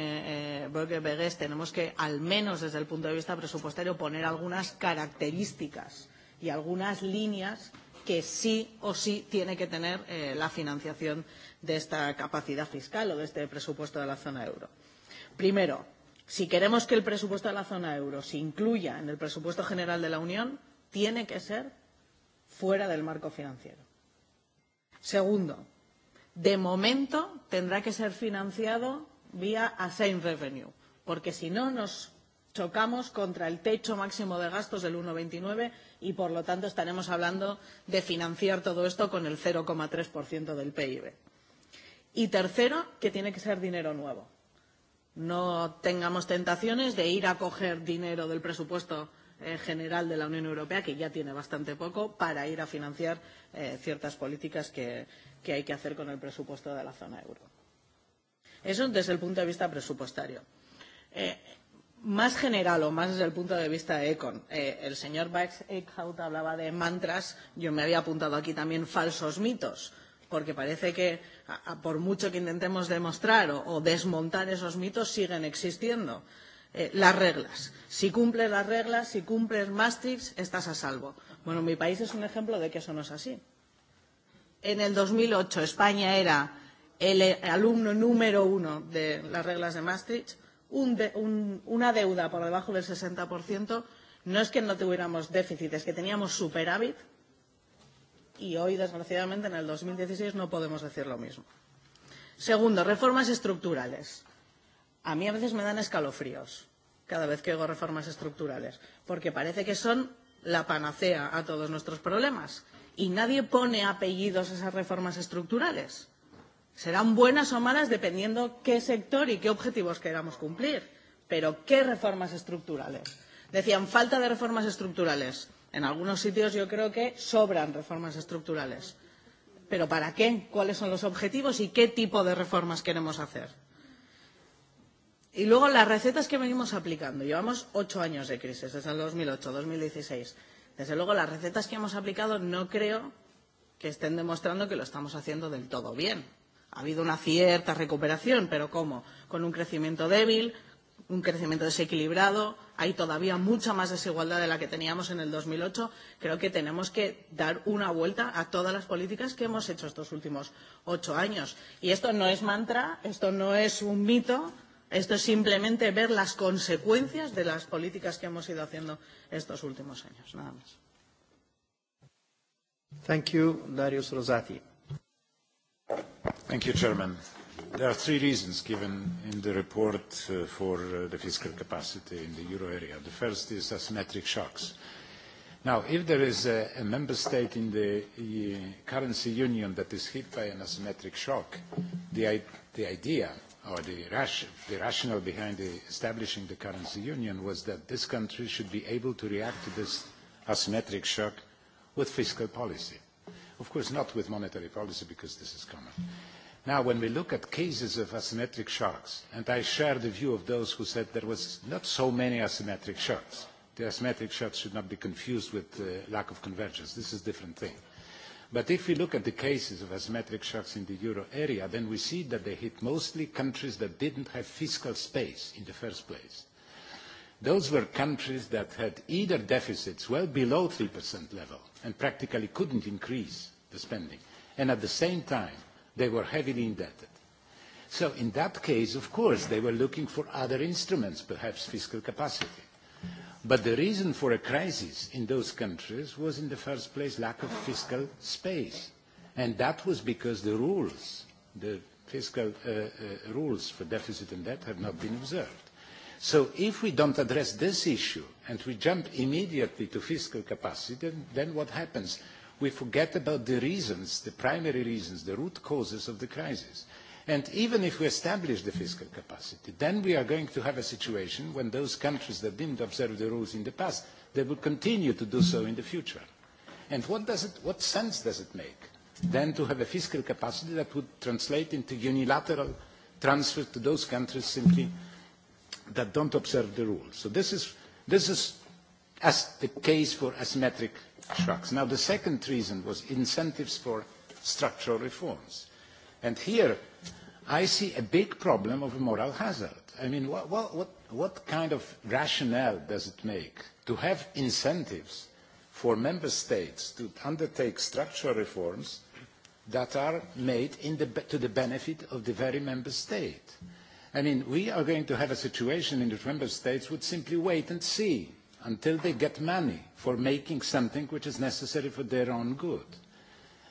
eh, Berger Begues tenemos que, al menos desde el punto de vista presupuestario, poner algunas características y algunas líneas que sí o sí tiene que tener eh, la financiación de esta capacidad fiscal o de este presupuesto de la zona euro. Primero, si queremos que el presupuesto de la zona euro se incluya en el presupuesto general de la Unión, tiene que ser fuera del marco financiero. Segundo, de momento tendrá que ser financiado vía assigned revenue, porque si no nos chocamos contra el techo máximo de gastos del 1,29 y, por lo tanto, estaremos hablando de financiar todo esto con el 0,3% del PIB. Y tercero, que tiene que ser dinero nuevo. No tengamos tentaciones de ir a coger dinero del presupuesto eh, general de la Unión Europea, que ya tiene bastante poco, para ir a financiar eh, ciertas políticas que, que hay que hacer con el presupuesto de la zona euro. Eso desde el punto de vista presupuestario. Eh, más general o más desde el punto de vista de Econ. Eh, el señor Eichhout hablaba de mantras, yo me había apuntado aquí también falsos mitos, porque parece que a, a, por mucho que intentemos demostrar o, o desmontar esos mitos, siguen existiendo. Eh, las reglas. Si cumples las reglas, si cumples Maastricht, estás a salvo. Bueno, mi país es un ejemplo de que eso no es así. En el 2008 España era el eh, alumno número uno de las reglas de Maastricht un de, un, una deuda por debajo del 60%, no es que no tuviéramos déficit, es que teníamos superávit y hoy, desgraciadamente, en el 2016 no podemos decir lo mismo. Segundo, reformas estructurales. A mí a veces me dan escalofríos cada vez que oigo reformas estructurales, porque parece que son la panacea a todos nuestros problemas y nadie pone apellidos a esas reformas estructurales. Serán buenas o malas dependiendo qué sector y qué objetivos queramos cumplir. Pero ¿qué reformas estructurales? Decían falta de reformas estructurales. En algunos sitios yo creo que sobran reformas estructurales. Pero ¿para qué? ¿Cuáles son los objetivos y qué tipo de reformas queremos hacer? Y luego las recetas que venimos aplicando. Llevamos ocho años de crisis, desde el 2008, 2016. Desde luego las recetas que hemos aplicado no creo que estén demostrando que lo estamos haciendo del todo bien. Ha habido una cierta recuperación, pero ¿cómo? Con un crecimiento débil, un crecimiento desequilibrado, hay todavía mucha más desigualdad de la que teníamos en el 2008. Creo que tenemos que dar una vuelta a todas las políticas que hemos hecho estos últimos ocho años. Y esto no es mantra, esto no es un mito, esto es simplemente ver las consecuencias de las políticas que hemos ido haciendo estos últimos años. Nada más. Thank you, Darius Rosati. Thank you, Chairman. There are three reasons given in the report uh, for uh, the fiscal capacity in the euro area. The first is asymmetric shocks. Now, if there is a, a member state in the uh, currency union that is hit by an asymmetric shock, the, the idea or the, rash, the rationale behind the establishing the currency union was that this country should be able to react to this asymmetric shock with fiscal policy. Of course, not with monetary policy because this is common. Now, when we look at cases of asymmetric shocks, and I share the view of those who said there was not so many asymmetric shocks. The asymmetric shocks should not be confused with uh, lack of convergence. This is a different thing. But if we look at the cases of asymmetric shocks in the euro area, then we see that they hit mostly countries that didn't have fiscal space in the first place. Those were countries that had either deficits well below 3% level, and practically couldn't increase the spending. And at the same time, they were heavily indebted. So in that case, of course, they were looking for other instruments, perhaps fiscal capacity. But the reason for a crisis in those countries was in the first place lack of fiscal space. And that was because the rules, the fiscal uh, uh, rules for deficit and debt have not been observed. So if we don't address this issue and we jump immediately to fiscal capacity, then, then what happens? We forget about the reasons, the primary reasons, the root causes of the crisis. And even if we establish the fiscal capacity, then we are going to have a situation when those countries that didn't observe the rules in the past, they will continue to do so in the future. And what, does it, what sense does it make then to have a fiscal capacity that would translate into unilateral transfer to those countries simply that don't observe the rules. So this is, this is as the case for asymmetric shocks. Now, the second reason was incentives for structural reforms. And here, I see a big problem of a moral hazard. I mean, what, what, what, what kind of rationale does it make to have incentives for member states to undertake structural reforms that are made in the, to the benefit of the very member state? Mm -hmm. I mean, we are going to have a situation in which member states would simply wait and see until they get money for making something which is necessary for their own good.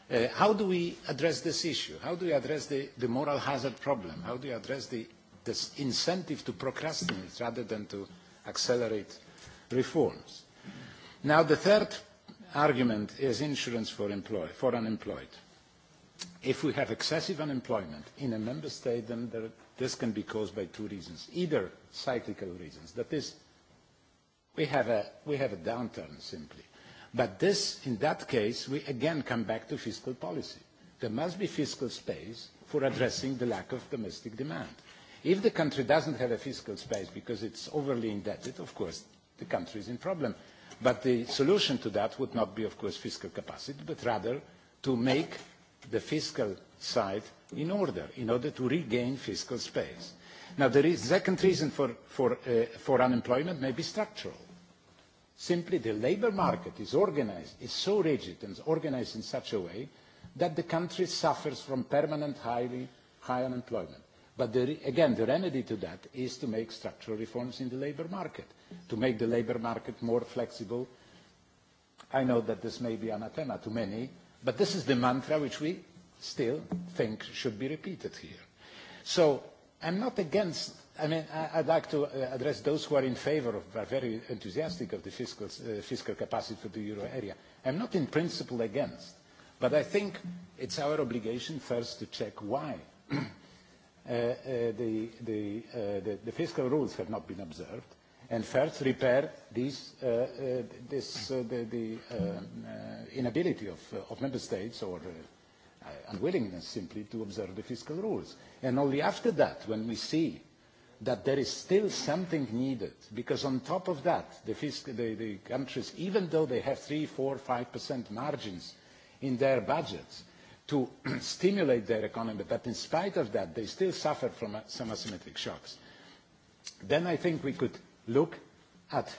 Uh, how do we address this issue? How do we address the, the moral hazard problem? How do we address the this incentive to procrastinate rather than to accelerate reforms? Now, the third argument is insurance for, employ for unemployed. If we have excessive unemployment in a member state, then there This can be caused by two reasons, either cyclical reasons, that is, we have a, we have a downturn simply. But this, in that case, we again come back to fiscal policy. There must be fiscal space for addressing the lack of domestic demand. If the country doesn't have a fiscal space because it's overly indebted, of course, the country is in problem. But the solution to that would not be, of course, fiscal capacity, but rather to make the fiscal side in order, in order to regain fiscal space. Now, the re second reason for, for, uh, for unemployment may be structural. Simply the labor market is organized, is so rigid and organized in such a way that the country suffers from permanent highly, high unemployment. But the, again, the remedy to that is to make structural reforms in the labor market, to make the labor market more flexible. I know that this may be anathema to many, but this is the mantra which we still think should be repeated here. So I'm not against, I mean, I, I'd like to uh, address those who are in favor of, are very enthusiastic of the fiscal, uh, fiscal capacity for the euro area. I'm not in principle against, but I think it's our obligation first to check why uh, uh, the, the, uh, the, the fiscal rules have not been observed, and first repair these, uh, uh, this, uh, the, the uh, uh, inability of, uh, of member states or uh, Uh, unwillingness simply to observe the fiscal rules. And only after that, when we see that there is still something needed, because on top of that, the, fiscal, the, the countries, even though they have 3, 4, 5% margins in their budgets to stimulate their economy, but in spite of that, they still suffer from some asymmetric shocks, then I think we could look at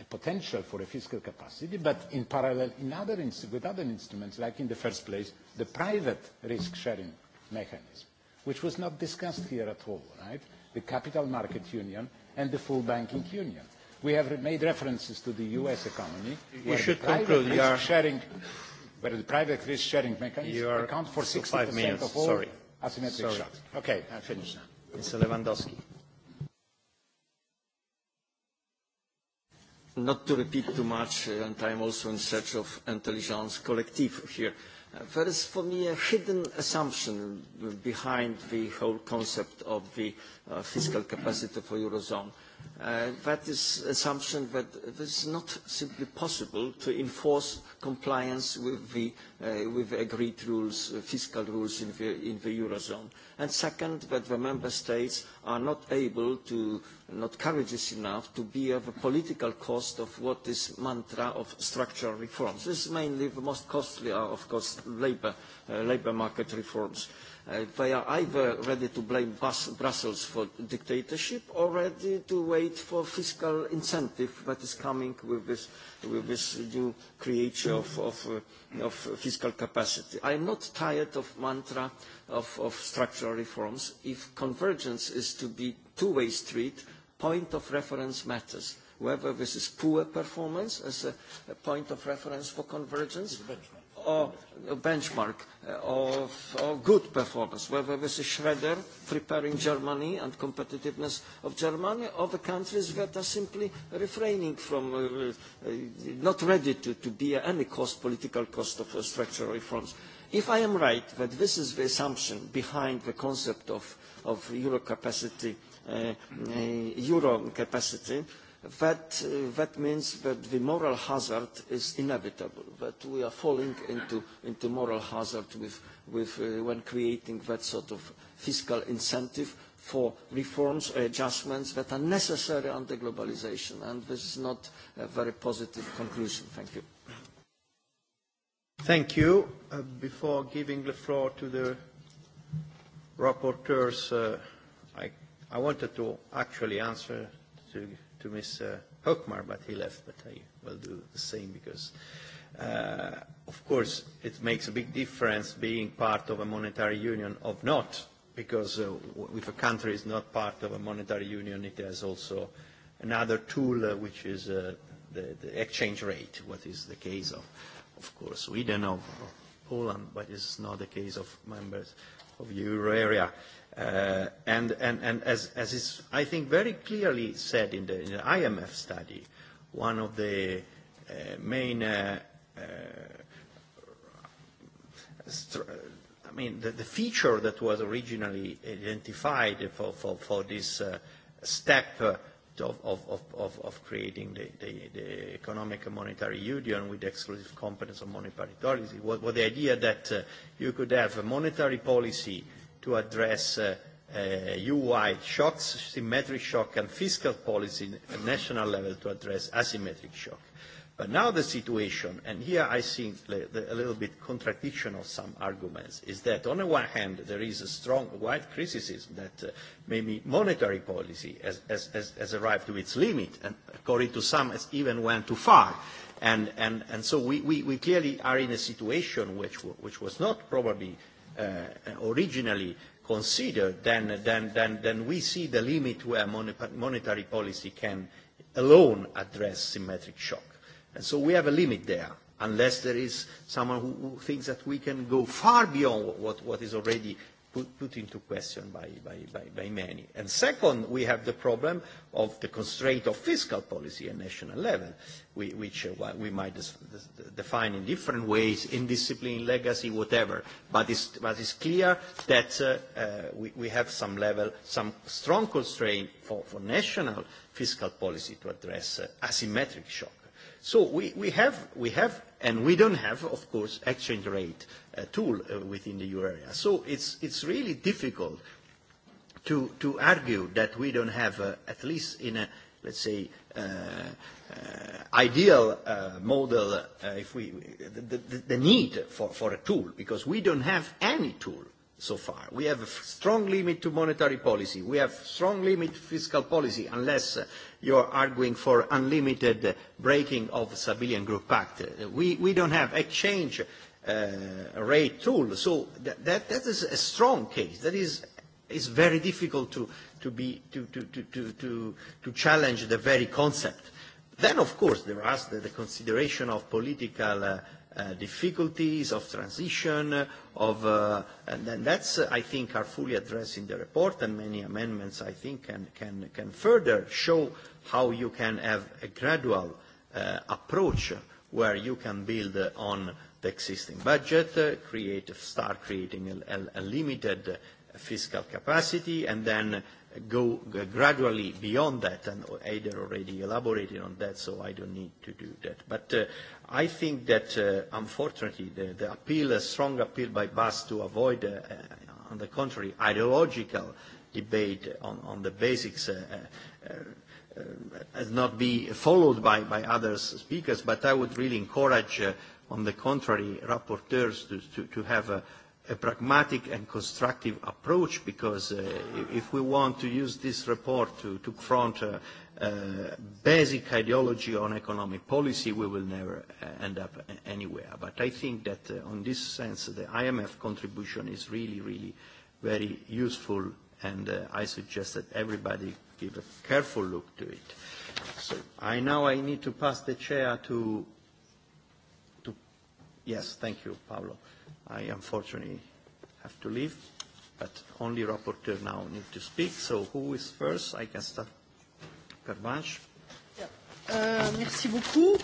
a potential for a fiscal capacity, but in parallel in other with other instruments, like in the first place, the private risk-sharing mechanism, which was not discussed here at all, right? The capital market union and the full banking union. We have made references to the U.S. economy. You should conclude. You sharing, where the private risk-sharing mechanism account for 60% minutes, of all sorry. asymmetric sorry. shocks. Okay, I finished now. Mr. Lewandowski. not to repeat too much, uh, and I'm also in search of intelligence collective here. Uh, there is for me a hidden assumption behind the whole concept of the uh, fiscal capacity for Eurozone. Uh, that is assumption that it is not simply possible to enforce compliance with the, uh, with the agreed rules, uh, fiscal rules in the, in the Eurozone. And second, that the member states are not able to, not courageous enough to bear the political cost of what is mantra of structural reforms. This is mainly the most costly are, uh, of course, labor, uh, labor market reforms. Uh, Uh, they are either ready to blame Bus Brussels for dictatorship or ready to wait for fiscal incentive that is coming with this, with this new creature of, of, uh, of fiscal capacity. I am not tired of mantra of, of structural reforms. If convergence is to be two-way street, point of reference matters whether this is poor performance as a, a point of reference for convergence or a benchmark uh, of, of good performance, whether this is Schroeder preparing Germany and competitiveness of Germany, or the countries that are simply refraining from, uh, uh, not ready to, to be at any cost, political cost of uh, structural reforms. If I am right that this is the assumption behind the concept of, of Euro capacity, uh, uh, Euro capacity, uh, that, uh, that means that the moral hazard is inevitable, that we are falling into, into moral hazard with, with, uh, when creating that sort of fiscal incentive for reforms or adjustments that are necessary under globalization, and this is not a very positive conclusion. Thank you. Thank you. Uh, before giving the floor to the rapporteurs, uh, I, I wanted to actually answer to to Mr. Uh, Hochmar, but he left, but I will do the same because, uh, of course, it makes a big difference being part of a monetary union or not, because uh, if a country is not part of a monetary union, it has also another tool, uh, which is uh, the, the exchange rate, what is the case of, of course, Sweden, of, Poland, but it's not the case of members of the euro area. Uh, and and, and as, as is, I think, very clearly said in the, in the IMF study, one of the uh, main, uh, uh, I mean, the, the feature that was originally identified for, for, for this uh, step uh, of, of, of, of creating the, the, the economic and monetary union with exclusive competence of monetary policy was, was the idea that uh, you could have a monetary policy to address uh, uh, EU-wide shocks, symmetric shock, and fiscal policy at national level to address asymmetric shock. But now the situation, and here I see the, the, a little bit contradiction of some arguments, is that on the one hand there is a strong wide criticism that uh, maybe monetary policy has, has, has, has arrived to its limit, and according to some has even went too far. And, and, and so we, we, we clearly are in a situation which, which was not probably uh, uh, originally considered, then, then, then, then we see the limit where monetary policy can alone address symmetric shock. And so we have a limit there, unless there is someone who, who thinks that we can go far beyond what, what is already put, put into question by, by, by, by many. And second, we have the problem of the constraint of fiscal policy at national level, we, which uh, we might define in different ways, in discipline, legacy, whatever. But it's, but it's clear that uh, uh, we, we have some level, some strong constraint for, for national fiscal policy to address uh, asymmetric shock. So we, we have, we have And we don't have, of course, exchange rate uh, tool uh, within the euro area. So it's, it's really difficult to, to argue that we don't have, uh, at least in a, let's say, uh, uh, ideal uh, model, uh, if we, the, the, the need for, for a tool, because we don't have any tool so far. We have a strong limit to monetary policy. We have strong limit to fiscal policy, unless uh, you are arguing for unlimited uh, breaking of the Civilian Group Pact. Uh, we, we don't have exchange uh, rate tool, so that, that, that is a strong case. That is, is very difficult to, to, be, to, to, to, to, to, to challenge the very concept. Then, of course, there are the, the consideration of political uh, Uh, difficulties, of transition, uh, of, uh, and, then that's, uh, I think, are fully addressed in the report, and many amendments, I think, can, can, can further show how you can have a gradual uh, approach where you can build uh, on the existing budget, uh, create, start creating a, a, a limited fiscal capacity, and then go uh, gradually beyond that, and Ada already elaborated on that, so I don't need to do that. But uh, I think that, uh, unfortunately, the, the appeal, a strong appeal by BAS to avoid, uh, uh, on the contrary, ideological debate on, on the basics uh, uh, uh, has not be followed by, by other speakers, but I would really encourage, uh, on the contrary, rapporteurs to, to, to have a, a pragmatic and constructive approach because uh, if we want to use this report to, to front uh, uh, basic ideology on economic policy, we will never uh, end up anywhere. But I think that uh, on this sense, the IMF contribution is really, really very useful, and uh, I suggest that everybody give a careful look to it. So I now I need to pass the chair to, to yes, thank you, Paolo. I unfortunately have to leave, but only rapporteur now need to speak. So who is first? I can start. Carvanche. Euh, merci beaucoup.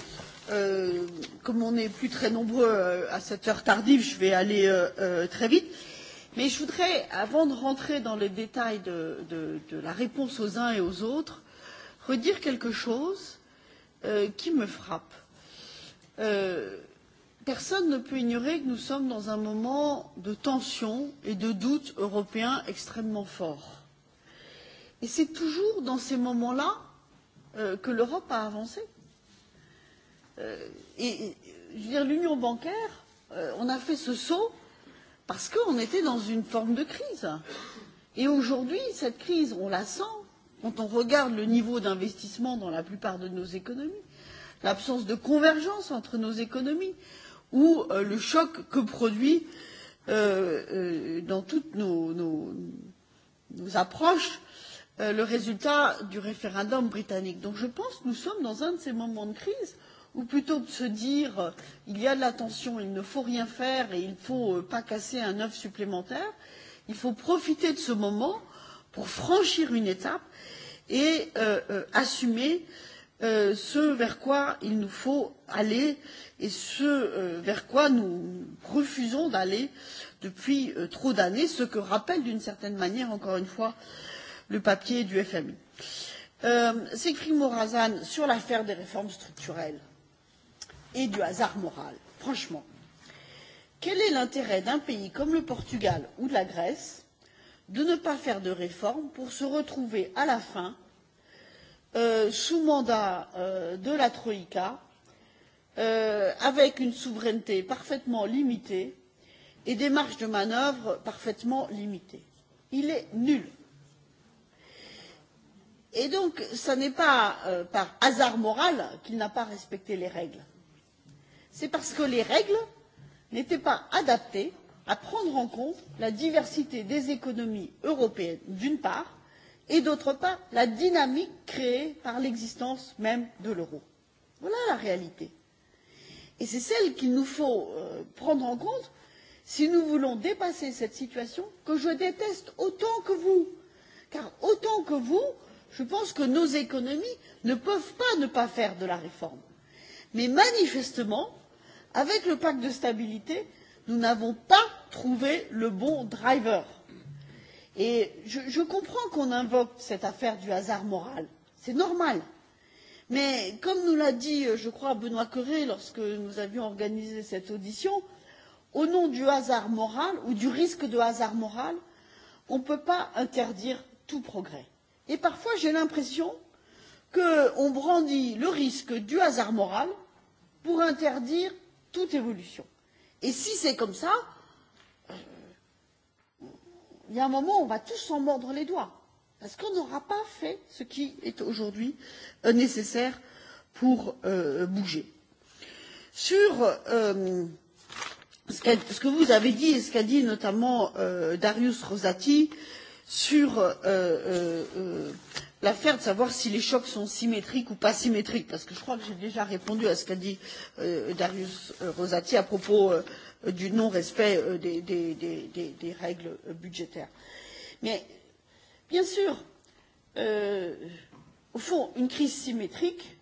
Euh, comme on n'est plus très nombreux euh, à cette heure tardive, je vais aller euh, euh, très vite. Mais je voudrais, avant de rentrer dans les détails de, de, de la réponse aux uns et aux autres, redire quelque chose euh, qui me frappe. Euh, Personne ne peut ignorer que nous sommes dans un moment de tension et de doute européen extrêmement fort. Et c'est toujours dans ces moments-là euh, que l'Europe a avancé. Euh, et, et je veux dire, l'union bancaire, euh, on a fait ce saut parce qu'on était dans une forme de crise. Et aujourd'hui, cette crise, on la sent quand on regarde le niveau d'investissement dans la plupart de nos économies, l'absence de convergence entre nos économies, ou euh, le choc que produit euh, euh, dans toutes nos, nos, nos approches euh, le résultat du référendum britannique. Donc je pense que nous sommes dans un de ces moments de crise ou plutôt de se dire euh, il y a de la tension, il ne faut rien faire et il ne faut euh, pas casser un œuf supplémentaire, il faut profiter de ce moment pour franchir une étape et euh, euh, assumer euh, Euh, ce vers quoi il nous faut aller et ce euh, vers quoi nous refusons d'aller depuis euh, trop d'années, ce que rappelle d'une certaine manière, encore une fois, le papier du FMI. Euh, Sécrit Morazan, sur l'affaire des réformes structurelles et du hasard moral, franchement, quel est l'intérêt d'un pays comme le Portugal ou de la Grèce de ne pas faire de réformes pour se retrouver à la fin euh, sous mandat euh, de la Troïka, euh, avec une souveraineté parfaitement limitée et des marges de manœuvre parfaitement limitées. Il est nul. Et donc, ce n'est pas euh, par hasard moral qu'il n'a pas respecté les règles. C'est parce que les règles n'étaient pas adaptées à prendre en compte la diversité des économies européennes, d'une part, et d'autre part la dynamique créée par l'existence même de l'euro. Voilà la réalité. Et c'est celle qu'il nous faut euh, prendre en compte si nous voulons dépasser cette situation que je déteste autant que vous. Car autant que vous, je pense que nos économies ne peuvent pas ne pas faire de la réforme. Mais manifestement, avec le pacte de stabilité, nous n'avons pas trouvé le bon driver. Et je, je comprends qu'on invoque cette affaire du hasard moral. C'est normal. Mais comme nous l'a dit, euh, je crois, Benoît Coré, lorsque nous avions organisé cette audition, au nom du hasard moral ou du risque de hasard moral, on ne peut pas interdire tout progrès. Et parfois, j'ai l'impression qu'on brandit le risque du hasard moral pour interdire toute évolution. Et si c'est comme ça, il y a un moment où on va tous s'en mordre les doigts, parce qu'on n'aura pas fait ce qui est aujourd'hui euh, nécessaire pour euh, bouger. Sur euh, ce, qu ce que vous avez dit et ce qu'a dit notamment euh, Darius Rosati sur euh, euh, euh l'affaire de savoir si les chocs sont symétriques ou pas symétriques, parce que je crois que j'ai déjà répondu à ce qu'a dit euh, Darius euh, Rosati à propos euh, du non-respect euh, des, des, des, des, des règles euh, budgétaires. Mais, bien sûr, euh, au fond, une crise symétrique,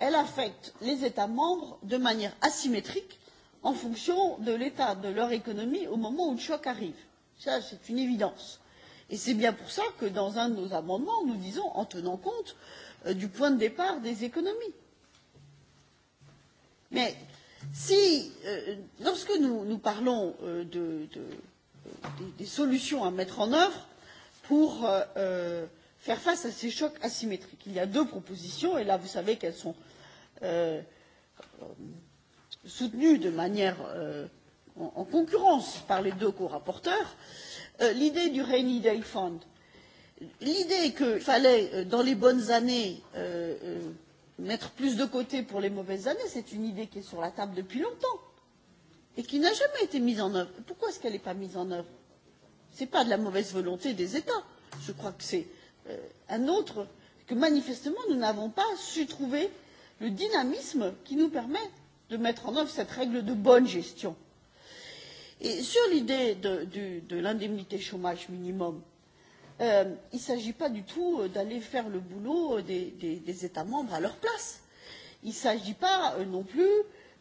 elle affecte les États membres de manière asymétrique en fonction de l'état de leur économie au moment où le choc arrive. Ça, c'est une évidence. Et c'est bien pour ça que dans un de nos amendements, nous disons en tenant compte euh, du point de départ des économies. Mais si, euh, lorsque nous, nous parlons euh, de, de, euh, des, des solutions à mettre en œuvre pour euh, euh, faire face à ces chocs asymétriques, il y a deux propositions, et là vous savez qu'elles sont euh, soutenues de manière euh, en, en concurrence par les deux co-rapporteurs. Euh, euh, l'idée du Rainy Day Fund. L'idée qu'il fallait, euh, dans les bonnes années, euh, euh, mettre plus de côté pour les mauvaises années, c'est une idée qui est sur la table depuis longtemps et qui n'a jamais été mise en œuvre. Pourquoi est-ce qu'elle n'est pas mise en œuvre Ce n'est pas de la mauvaise volonté des États. Je crois que c'est euh, un autre que manifestement nous n'avons pas su trouver le dynamisme qui nous permet de mettre en œuvre cette règle de bonne gestion. Et sur l'idée de, de, de l'indemnité chômage minimum, euh, il ne s'agit pas du tout euh, d'aller faire le boulot euh, des, des, des États membres à leur place. Il ne s'agit pas euh, non plus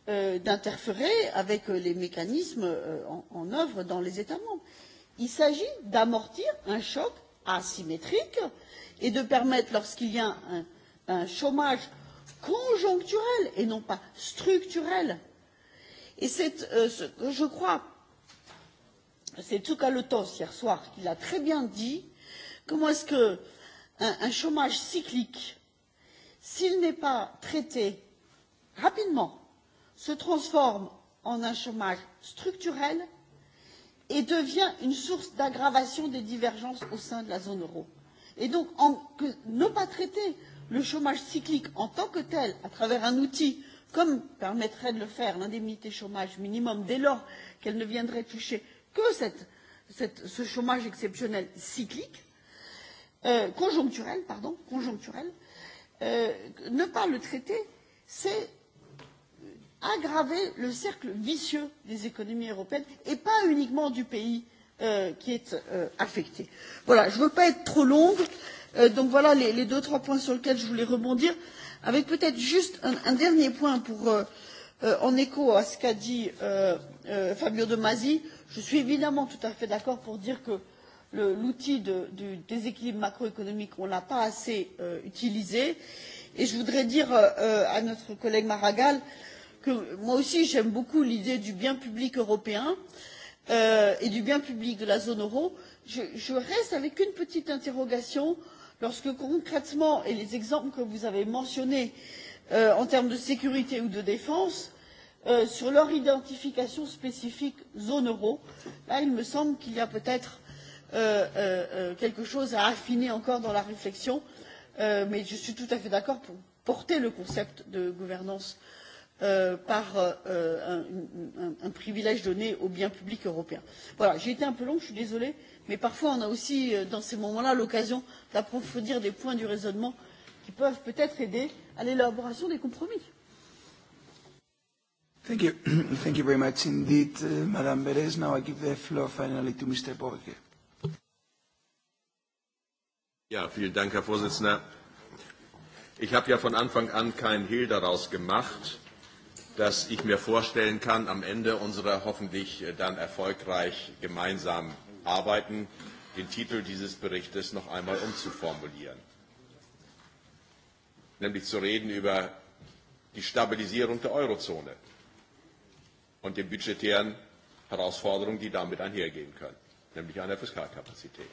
euh, d'interférer avec euh, les mécanismes euh, en, en œuvre dans les États membres. Il s'agit d'amortir un choc asymétrique et de permettre, lorsqu'il y a un, un chômage conjoncturel et non pas structurel, Et c'est euh, ce que je crois c'est temps hier soir qui l'a très bien dit, comment est-ce que un, un chômage cyclique, s'il n'est pas traité rapidement, se transforme en un chômage structurel et devient une source d'aggravation des divergences au sein de la zone euro. Et donc, en, que, ne pas traiter le chômage cyclique en tant que tel, à travers un outil comme permettrait de le faire l'indemnité chômage minimum, dès lors qu'elle ne viendrait toucher que cette, cette, ce chômage exceptionnel cyclique, euh, conjoncturel, pardon, conjoncturel, euh, ne pas le traiter, c'est aggraver le cercle vicieux des économies européennes et pas uniquement du pays euh, qui est euh, affecté. Voilà, je ne veux pas être trop longue, euh, donc voilà les, les deux, trois points sur lesquels je voulais rebondir, avec peut-être juste un, un dernier point pour, euh, euh, en écho à ce qu'a dit euh, euh, Fabio De Masi, euh, Je suis évidemment tout à fait d'accord pour dire que l'outil du déséquilibre macroéconomique, on ne l'a pas assez euh, utilisé. Et je voudrais dire euh, à notre collègue Maragall que moi aussi j'aime beaucoup l'idée du bien public européen euh, et du bien public de la zone euro. Je, je reste avec une petite interrogation lorsque concrètement, et les exemples que vous avez mentionnés euh, en termes de sécurité ou de défense, euh, sur leur identification spécifique zone euro. Là, il me semble qu'il y a peut-être euh, euh, euh, quelque chose à affiner encore dans la réflexion, euh, mais je suis tout à fait d'accord pour porter le concept de gouvernance euh, par euh, un, un, un privilège donné au bien public européen. Voilà, j'ai été un peu long, je suis désolée, mais parfois on a aussi euh, dans ces moments-là l'occasion d'approfondir des points du raisonnement qui peuvent peut-être aider à l'élaboration des compromis. Thank you. Thank you very much indeed, uh, Madame Beres. Now I give the floor finally to Mr. Borge. Ja, vielen Dank, Herr Vorsitzender. Ich habe ja von Anfang an keinen Hehl daraus gemacht, dass ich mir vorstellen kann, am Ende unserer hoffentlich äh, dann erfolgreich gemeinsamen Arbeiten den Titel dieses Berichtes noch einmal umzuformulieren. Nämlich zu reden über die Stabilisierung der Eurozone und den budgetären Herausforderungen, die damit einhergehen können, nämlich an der Fiskalkapazität.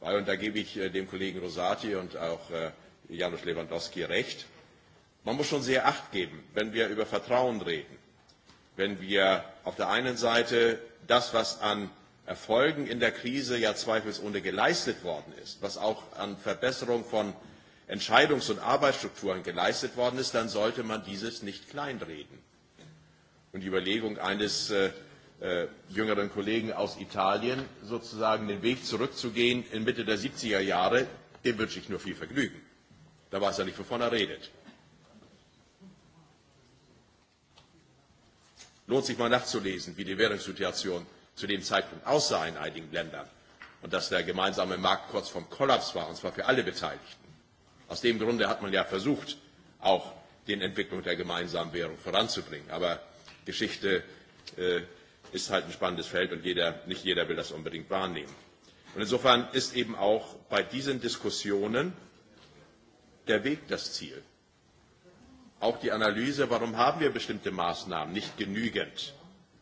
Weil, und da gebe ich äh, dem Kollegen Rosati und auch äh, Janusz Lewandowski recht, man muss schon sehr Acht geben, wenn wir über Vertrauen reden, wenn wir auf der einen Seite das, was an Erfolgen in der Krise ja zweifelsohne geleistet worden ist, was auch an Verbesserung von Entscheidungs- und Arbeitsstrukturen geleistet worden ist, dann sollte man dieses nicht kleinreden und die Überlegung eines äh, äh, jüngeren Kollegen aus Italien, sozusagen den Weg zurückzugehen in Mitte der 70er Jahre, dem wünsche ich nur viel Vergnügen. Da weiß er nicht, wovon er redet. Lohnt sich mal nachzulesen, wie die Währungssituation zu dem Zeitpunkt aussah in einigen Ländern und dass der gemeinsame Markt kurz vorm Kollaps war, und zwar für alle Beteiligten. Aus dem Grunde hat man ja versucht, auch den Entwicklung der gemeinsamen Währung voranzubringen. Aber Geschichte äh, ist halt ein spannendes Feld und jeder, nicht jeder will das unbedingt wahrnehmen. Und insofern ist eben auch bei diesen Diskussionen der Weg das Ziel. Auch die Analyse, warum haben wir bestimmte Maßnahmen nicht genügend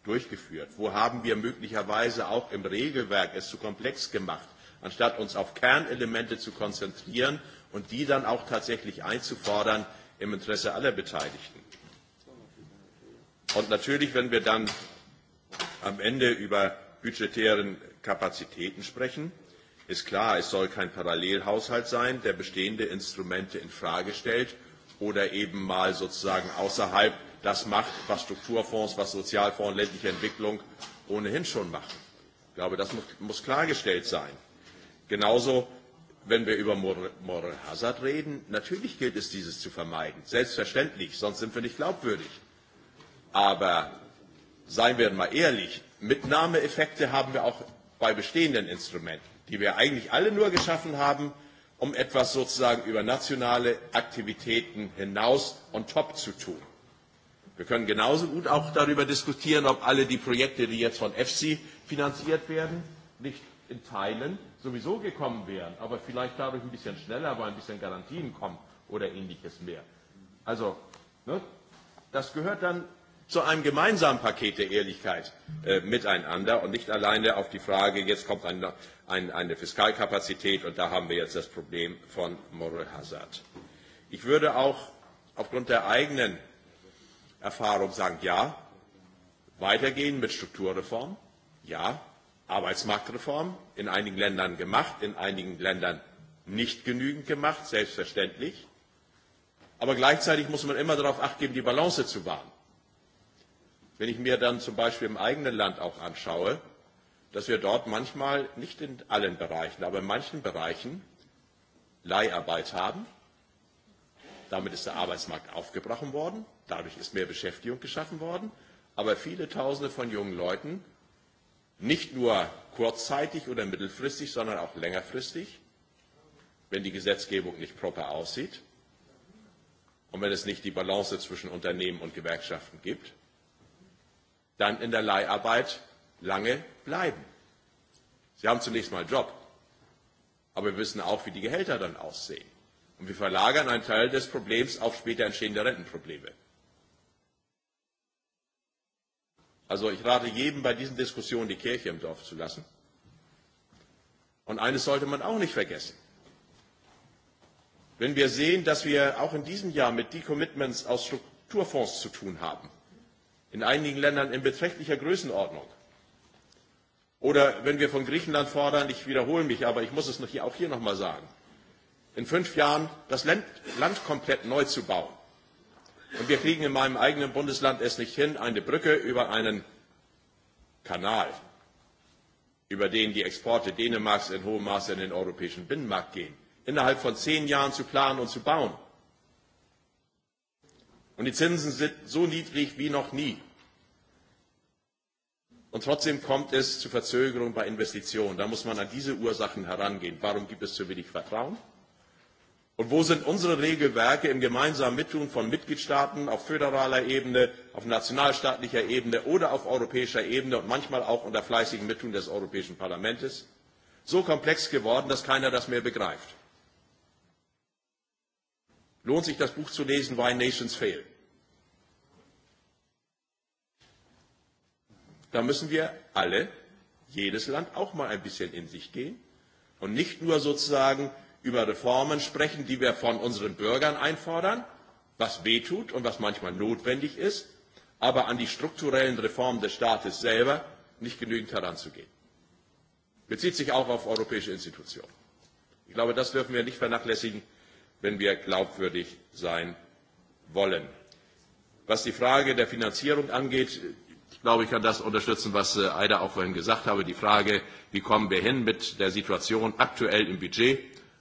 durchgeführt? Wo haben wir möglicherweise auch im Regelwerk es zu komplex gemacht, anstatt uns auf Kernelemente zu konzentrieren und die dann auch tatsächlich einzufordern im Interesse aller Beteiligten? Und natürlich, wenn wir dann am Ende über budgetären Kapazitäten sprechen, ist klar, es soll kein Parallelhaushalt sein, der bestehende Instrumente in Frage stellt oder eben mal sozusagen außerhalb das macht, was Strukturfonds, was Sozialfonds, ländliche Entwicklung ohnehin schon machen. Ich glaube, das muss, muss klargestellt sein. Genauso, wenn wir über Moral Hazard reden, natürlich gilt es, dieses zu vermeiden. Selbstverständlich, sonst sind wir nicht glaubwürdig. Aber seien wir mal ehrlich, Mitnahmeeffekte haben wir auch bei bestehenden Instrumenten, die wir eigentlich alle nur geschaffen haben, um etwas sozusagen über nationale Aktivitäten hinaus on top zu tun. Wir können genauso gut auch darüber diskutieren, ob alle die Projekte, die jetzt von EFSI finanziert werden, nicht in Teilen sowieso gekommen wären, aber vielleicht dadurch ein bisschen schneller, weil ein bisschen Garantien kommen oder ähnliches mehr. Also, ne, das gehört dann zu einem gemeinsamen Paket der Ehrlichkeit äh, miteinander und nicht alleine auf die Frage, jetzt kommt ein, ein, eine Fiskalkapazität und da haben wir jetzt das Problem von Moral Hazard. Ich würde auch aufgrund der eigenen Erfahrung sagen, ja, weitergehen mit Strukturreform, ja, Arbeitsmarktreform, in einigen Ländern gemacht, in einigen Ländern nicht genügend gemacht, selbstverständlich. Aber gleichzeitig muss man immer darauf achten, die Balance zu wahren. Wenn ich mir dann zum Beispiel im eigenen Land auch anschaue, dass wir dort manchmal nicht in allen Bereichen, aber in manchen Bereichen Leiharbeit haben. Damit ist der Arbeitsmarkt aufgebrochen worden, dadurch ist mehr Beschäftigung geschaffen worden, aber viele Tausende von jungen Leuten, nicht nur kurzzeitig oder mittelfristig, sondern auch längerfristig, wenn die Gesetzgebung nicht proper aussieht und wenn es nicht die Balance zwischen Unternehmen und Gewerkschaften gibt, dann in der Leiharbeit lange bleiben. Sie haben zunächst mal einen Job, aber wir wissen auch, wie die Gehälter dann aussehen. Und wir verlagern einen Teil des Problems auf später entstehende Rentenprobleme. Also ich rate jedem bei diesen Diskussionen die Kirche im Dorf zu lassen. Und eines sollte man auch nicht vergessen. Wenn wir sehen, dass wir auch in diesem Jahr mit Decommitments aus Strukturfonds zu tun haben, in einigen Ländern in beträchtlicher Größenordnung. Oder wenn wir von Griechenland fordern, ich wiederhole mich, aber ich muss es noch hier, auch hier nochmal sagen, in fünf Jahren das Land, Land komplett neu zu bauen. Und wir kriegen in meinem eigenen Bundesland es nicht hin, eine Brücke über einen Kanal, über den die Exporte Dänemarks in hohem Maße in den europäischen Binnenmarkt gehen, innerhalb von zehn Jahren zu planen und zu bauen. Und die Zinsen sind so niedrig wie noch nie. Und trotzdem kommt es zu Verzögerungen bei Investitionen. Da muss man an diese Ursachen herangehen. Warum gibt es zu wenig Vertrauen? Und wo sind unsere Regelwerke im gemeinsamen Mittun von Mitgliedstaaten auf föderaler Ebene, auf nationalstaatlicher Ebene oder auf europäischer Ebene und manchmal auch unter fleißigem Mittun des Europäischen Parlaments so komplex geworden, dass keiner das mehr begreift? lohnt sich das Buch zu lesen, Why Nations Fail. Da müssen wir alle, jedes Land, auch mal ein bisschen in sich gehen und nicht nur sozusagen über Reformen sprechen, die wir von unseren Bürgern einfordern, was wehtut und was manchmal notwendig ist, aber an die strukturellen Reformen des Staates selber nicht genügend heranzugehen. Bezieht sich auch auf europäische Institutionen. Ich glaube, das dürfen wir nicht vernachlässigen wenn wir glaubwürdig sein wollen. Was die Frage der Finanzierung angeht, ich glaube, ich kann das unterstützen, was äh, Aida auch vorhin gesagt habe, die Frage, wie kommen wir hin mit der Situation aktuell im Budget,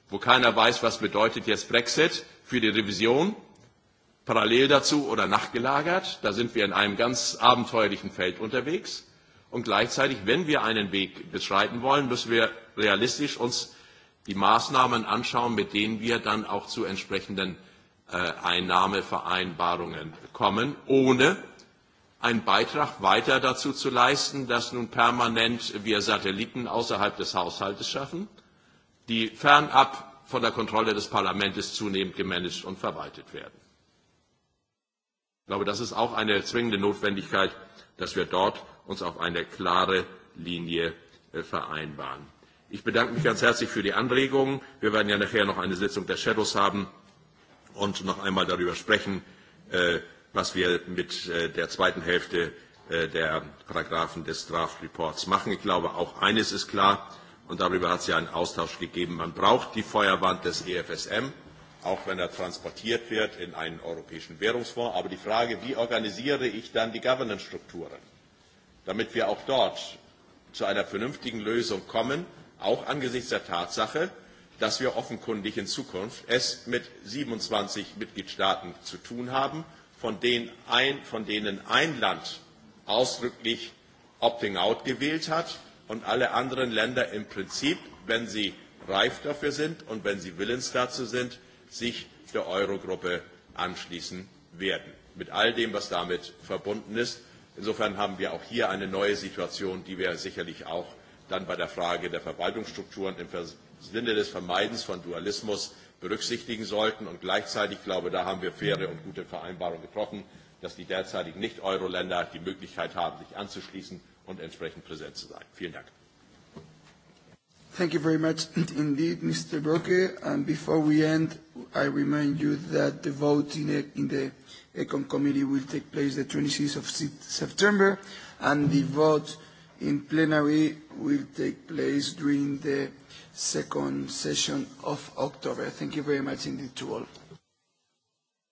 wo keiner weiß, was bedeutet jetzt Brexit für die Revision, parallel dazu oder nachgelagert. Da sind wir in einem ganz abenteuerlichen Feld unterwegs. Und gleichzeitig, wenn wir einen Weg beschreiten wollen, müssen wir realistisch uns die Maßnahmen anschauen, mit denen wir dann auch zu entsprechenden äh, Einnahmevereinbarungen kommen, ohne einen Beitrag weiter dazu zu leisten, dass nun permanent wir Satelliten außerhalb des Haushaltes schaffen, die fernab von der Kontrolle des Parlaments zunehmend gemanagt und verwaltet werden. Ich glaube, das ist auch eine zwingende Notwendigkeit, dass wir dort uns auf eine klare Linie äh, vereinbaren. Ich bedanke mich ganz herzlich für die Anregungen. Wir werden ja nachher noch eine Sitzung der Shadows haben und noch einmal darüber sprechen, äh, was wir mit äh, der zweiten Hälfte äh, der Paragraphen des Draft Reports machen. Ich glaube, auch eines ist klar, und darüber hat es ja einen Austausch gegeben, man braucht die Feuerwand des EFSM, auch wenn er transportiert wird in einen europäischen Währungsfonds. Aber die Frage, wie organisiere ich dann die Governance-Strukturen, damit wir auch dort zu einer vernünftigen Lösung kommen, auch angesichts der Tatsache, dass wir offenkundig in Zukunft es mit 27 Mitgliedstaaten zu tun haben, von denen ein, von denen ein Land ausdrücklich Opting Out gewählt hat und alle anderen Länder im Prinzip, wenn sie reif dafür sind und wenn sie willens dazu sind, sich der Eurogruppe anschließen werden. Mit all dem, was damit verbunden ist. Insofern haben wir auch hier eine neue Situation, die wir sicherlich auch dann bei der Frage der Verwaltungsstrukturen im Sinne des Vermeidens von Dualismus berücksichtigen sollten. Und gleichzeitig, glaube da haben wir faire und gute Vereinbarungen getroffen, dass die derzeitigen Nicht-Euro-Länder die Möglichkeit haben, sich anzuschließen und entsprechend präsent zu sein. Vielen Dank. Thank you very much indeed, Mr. Broke. And before we end, I remind you that the vote in, in the committee will take place the 26th of September, and the vote in plenary will take place during the second session of October. Thank you very much indeed to all.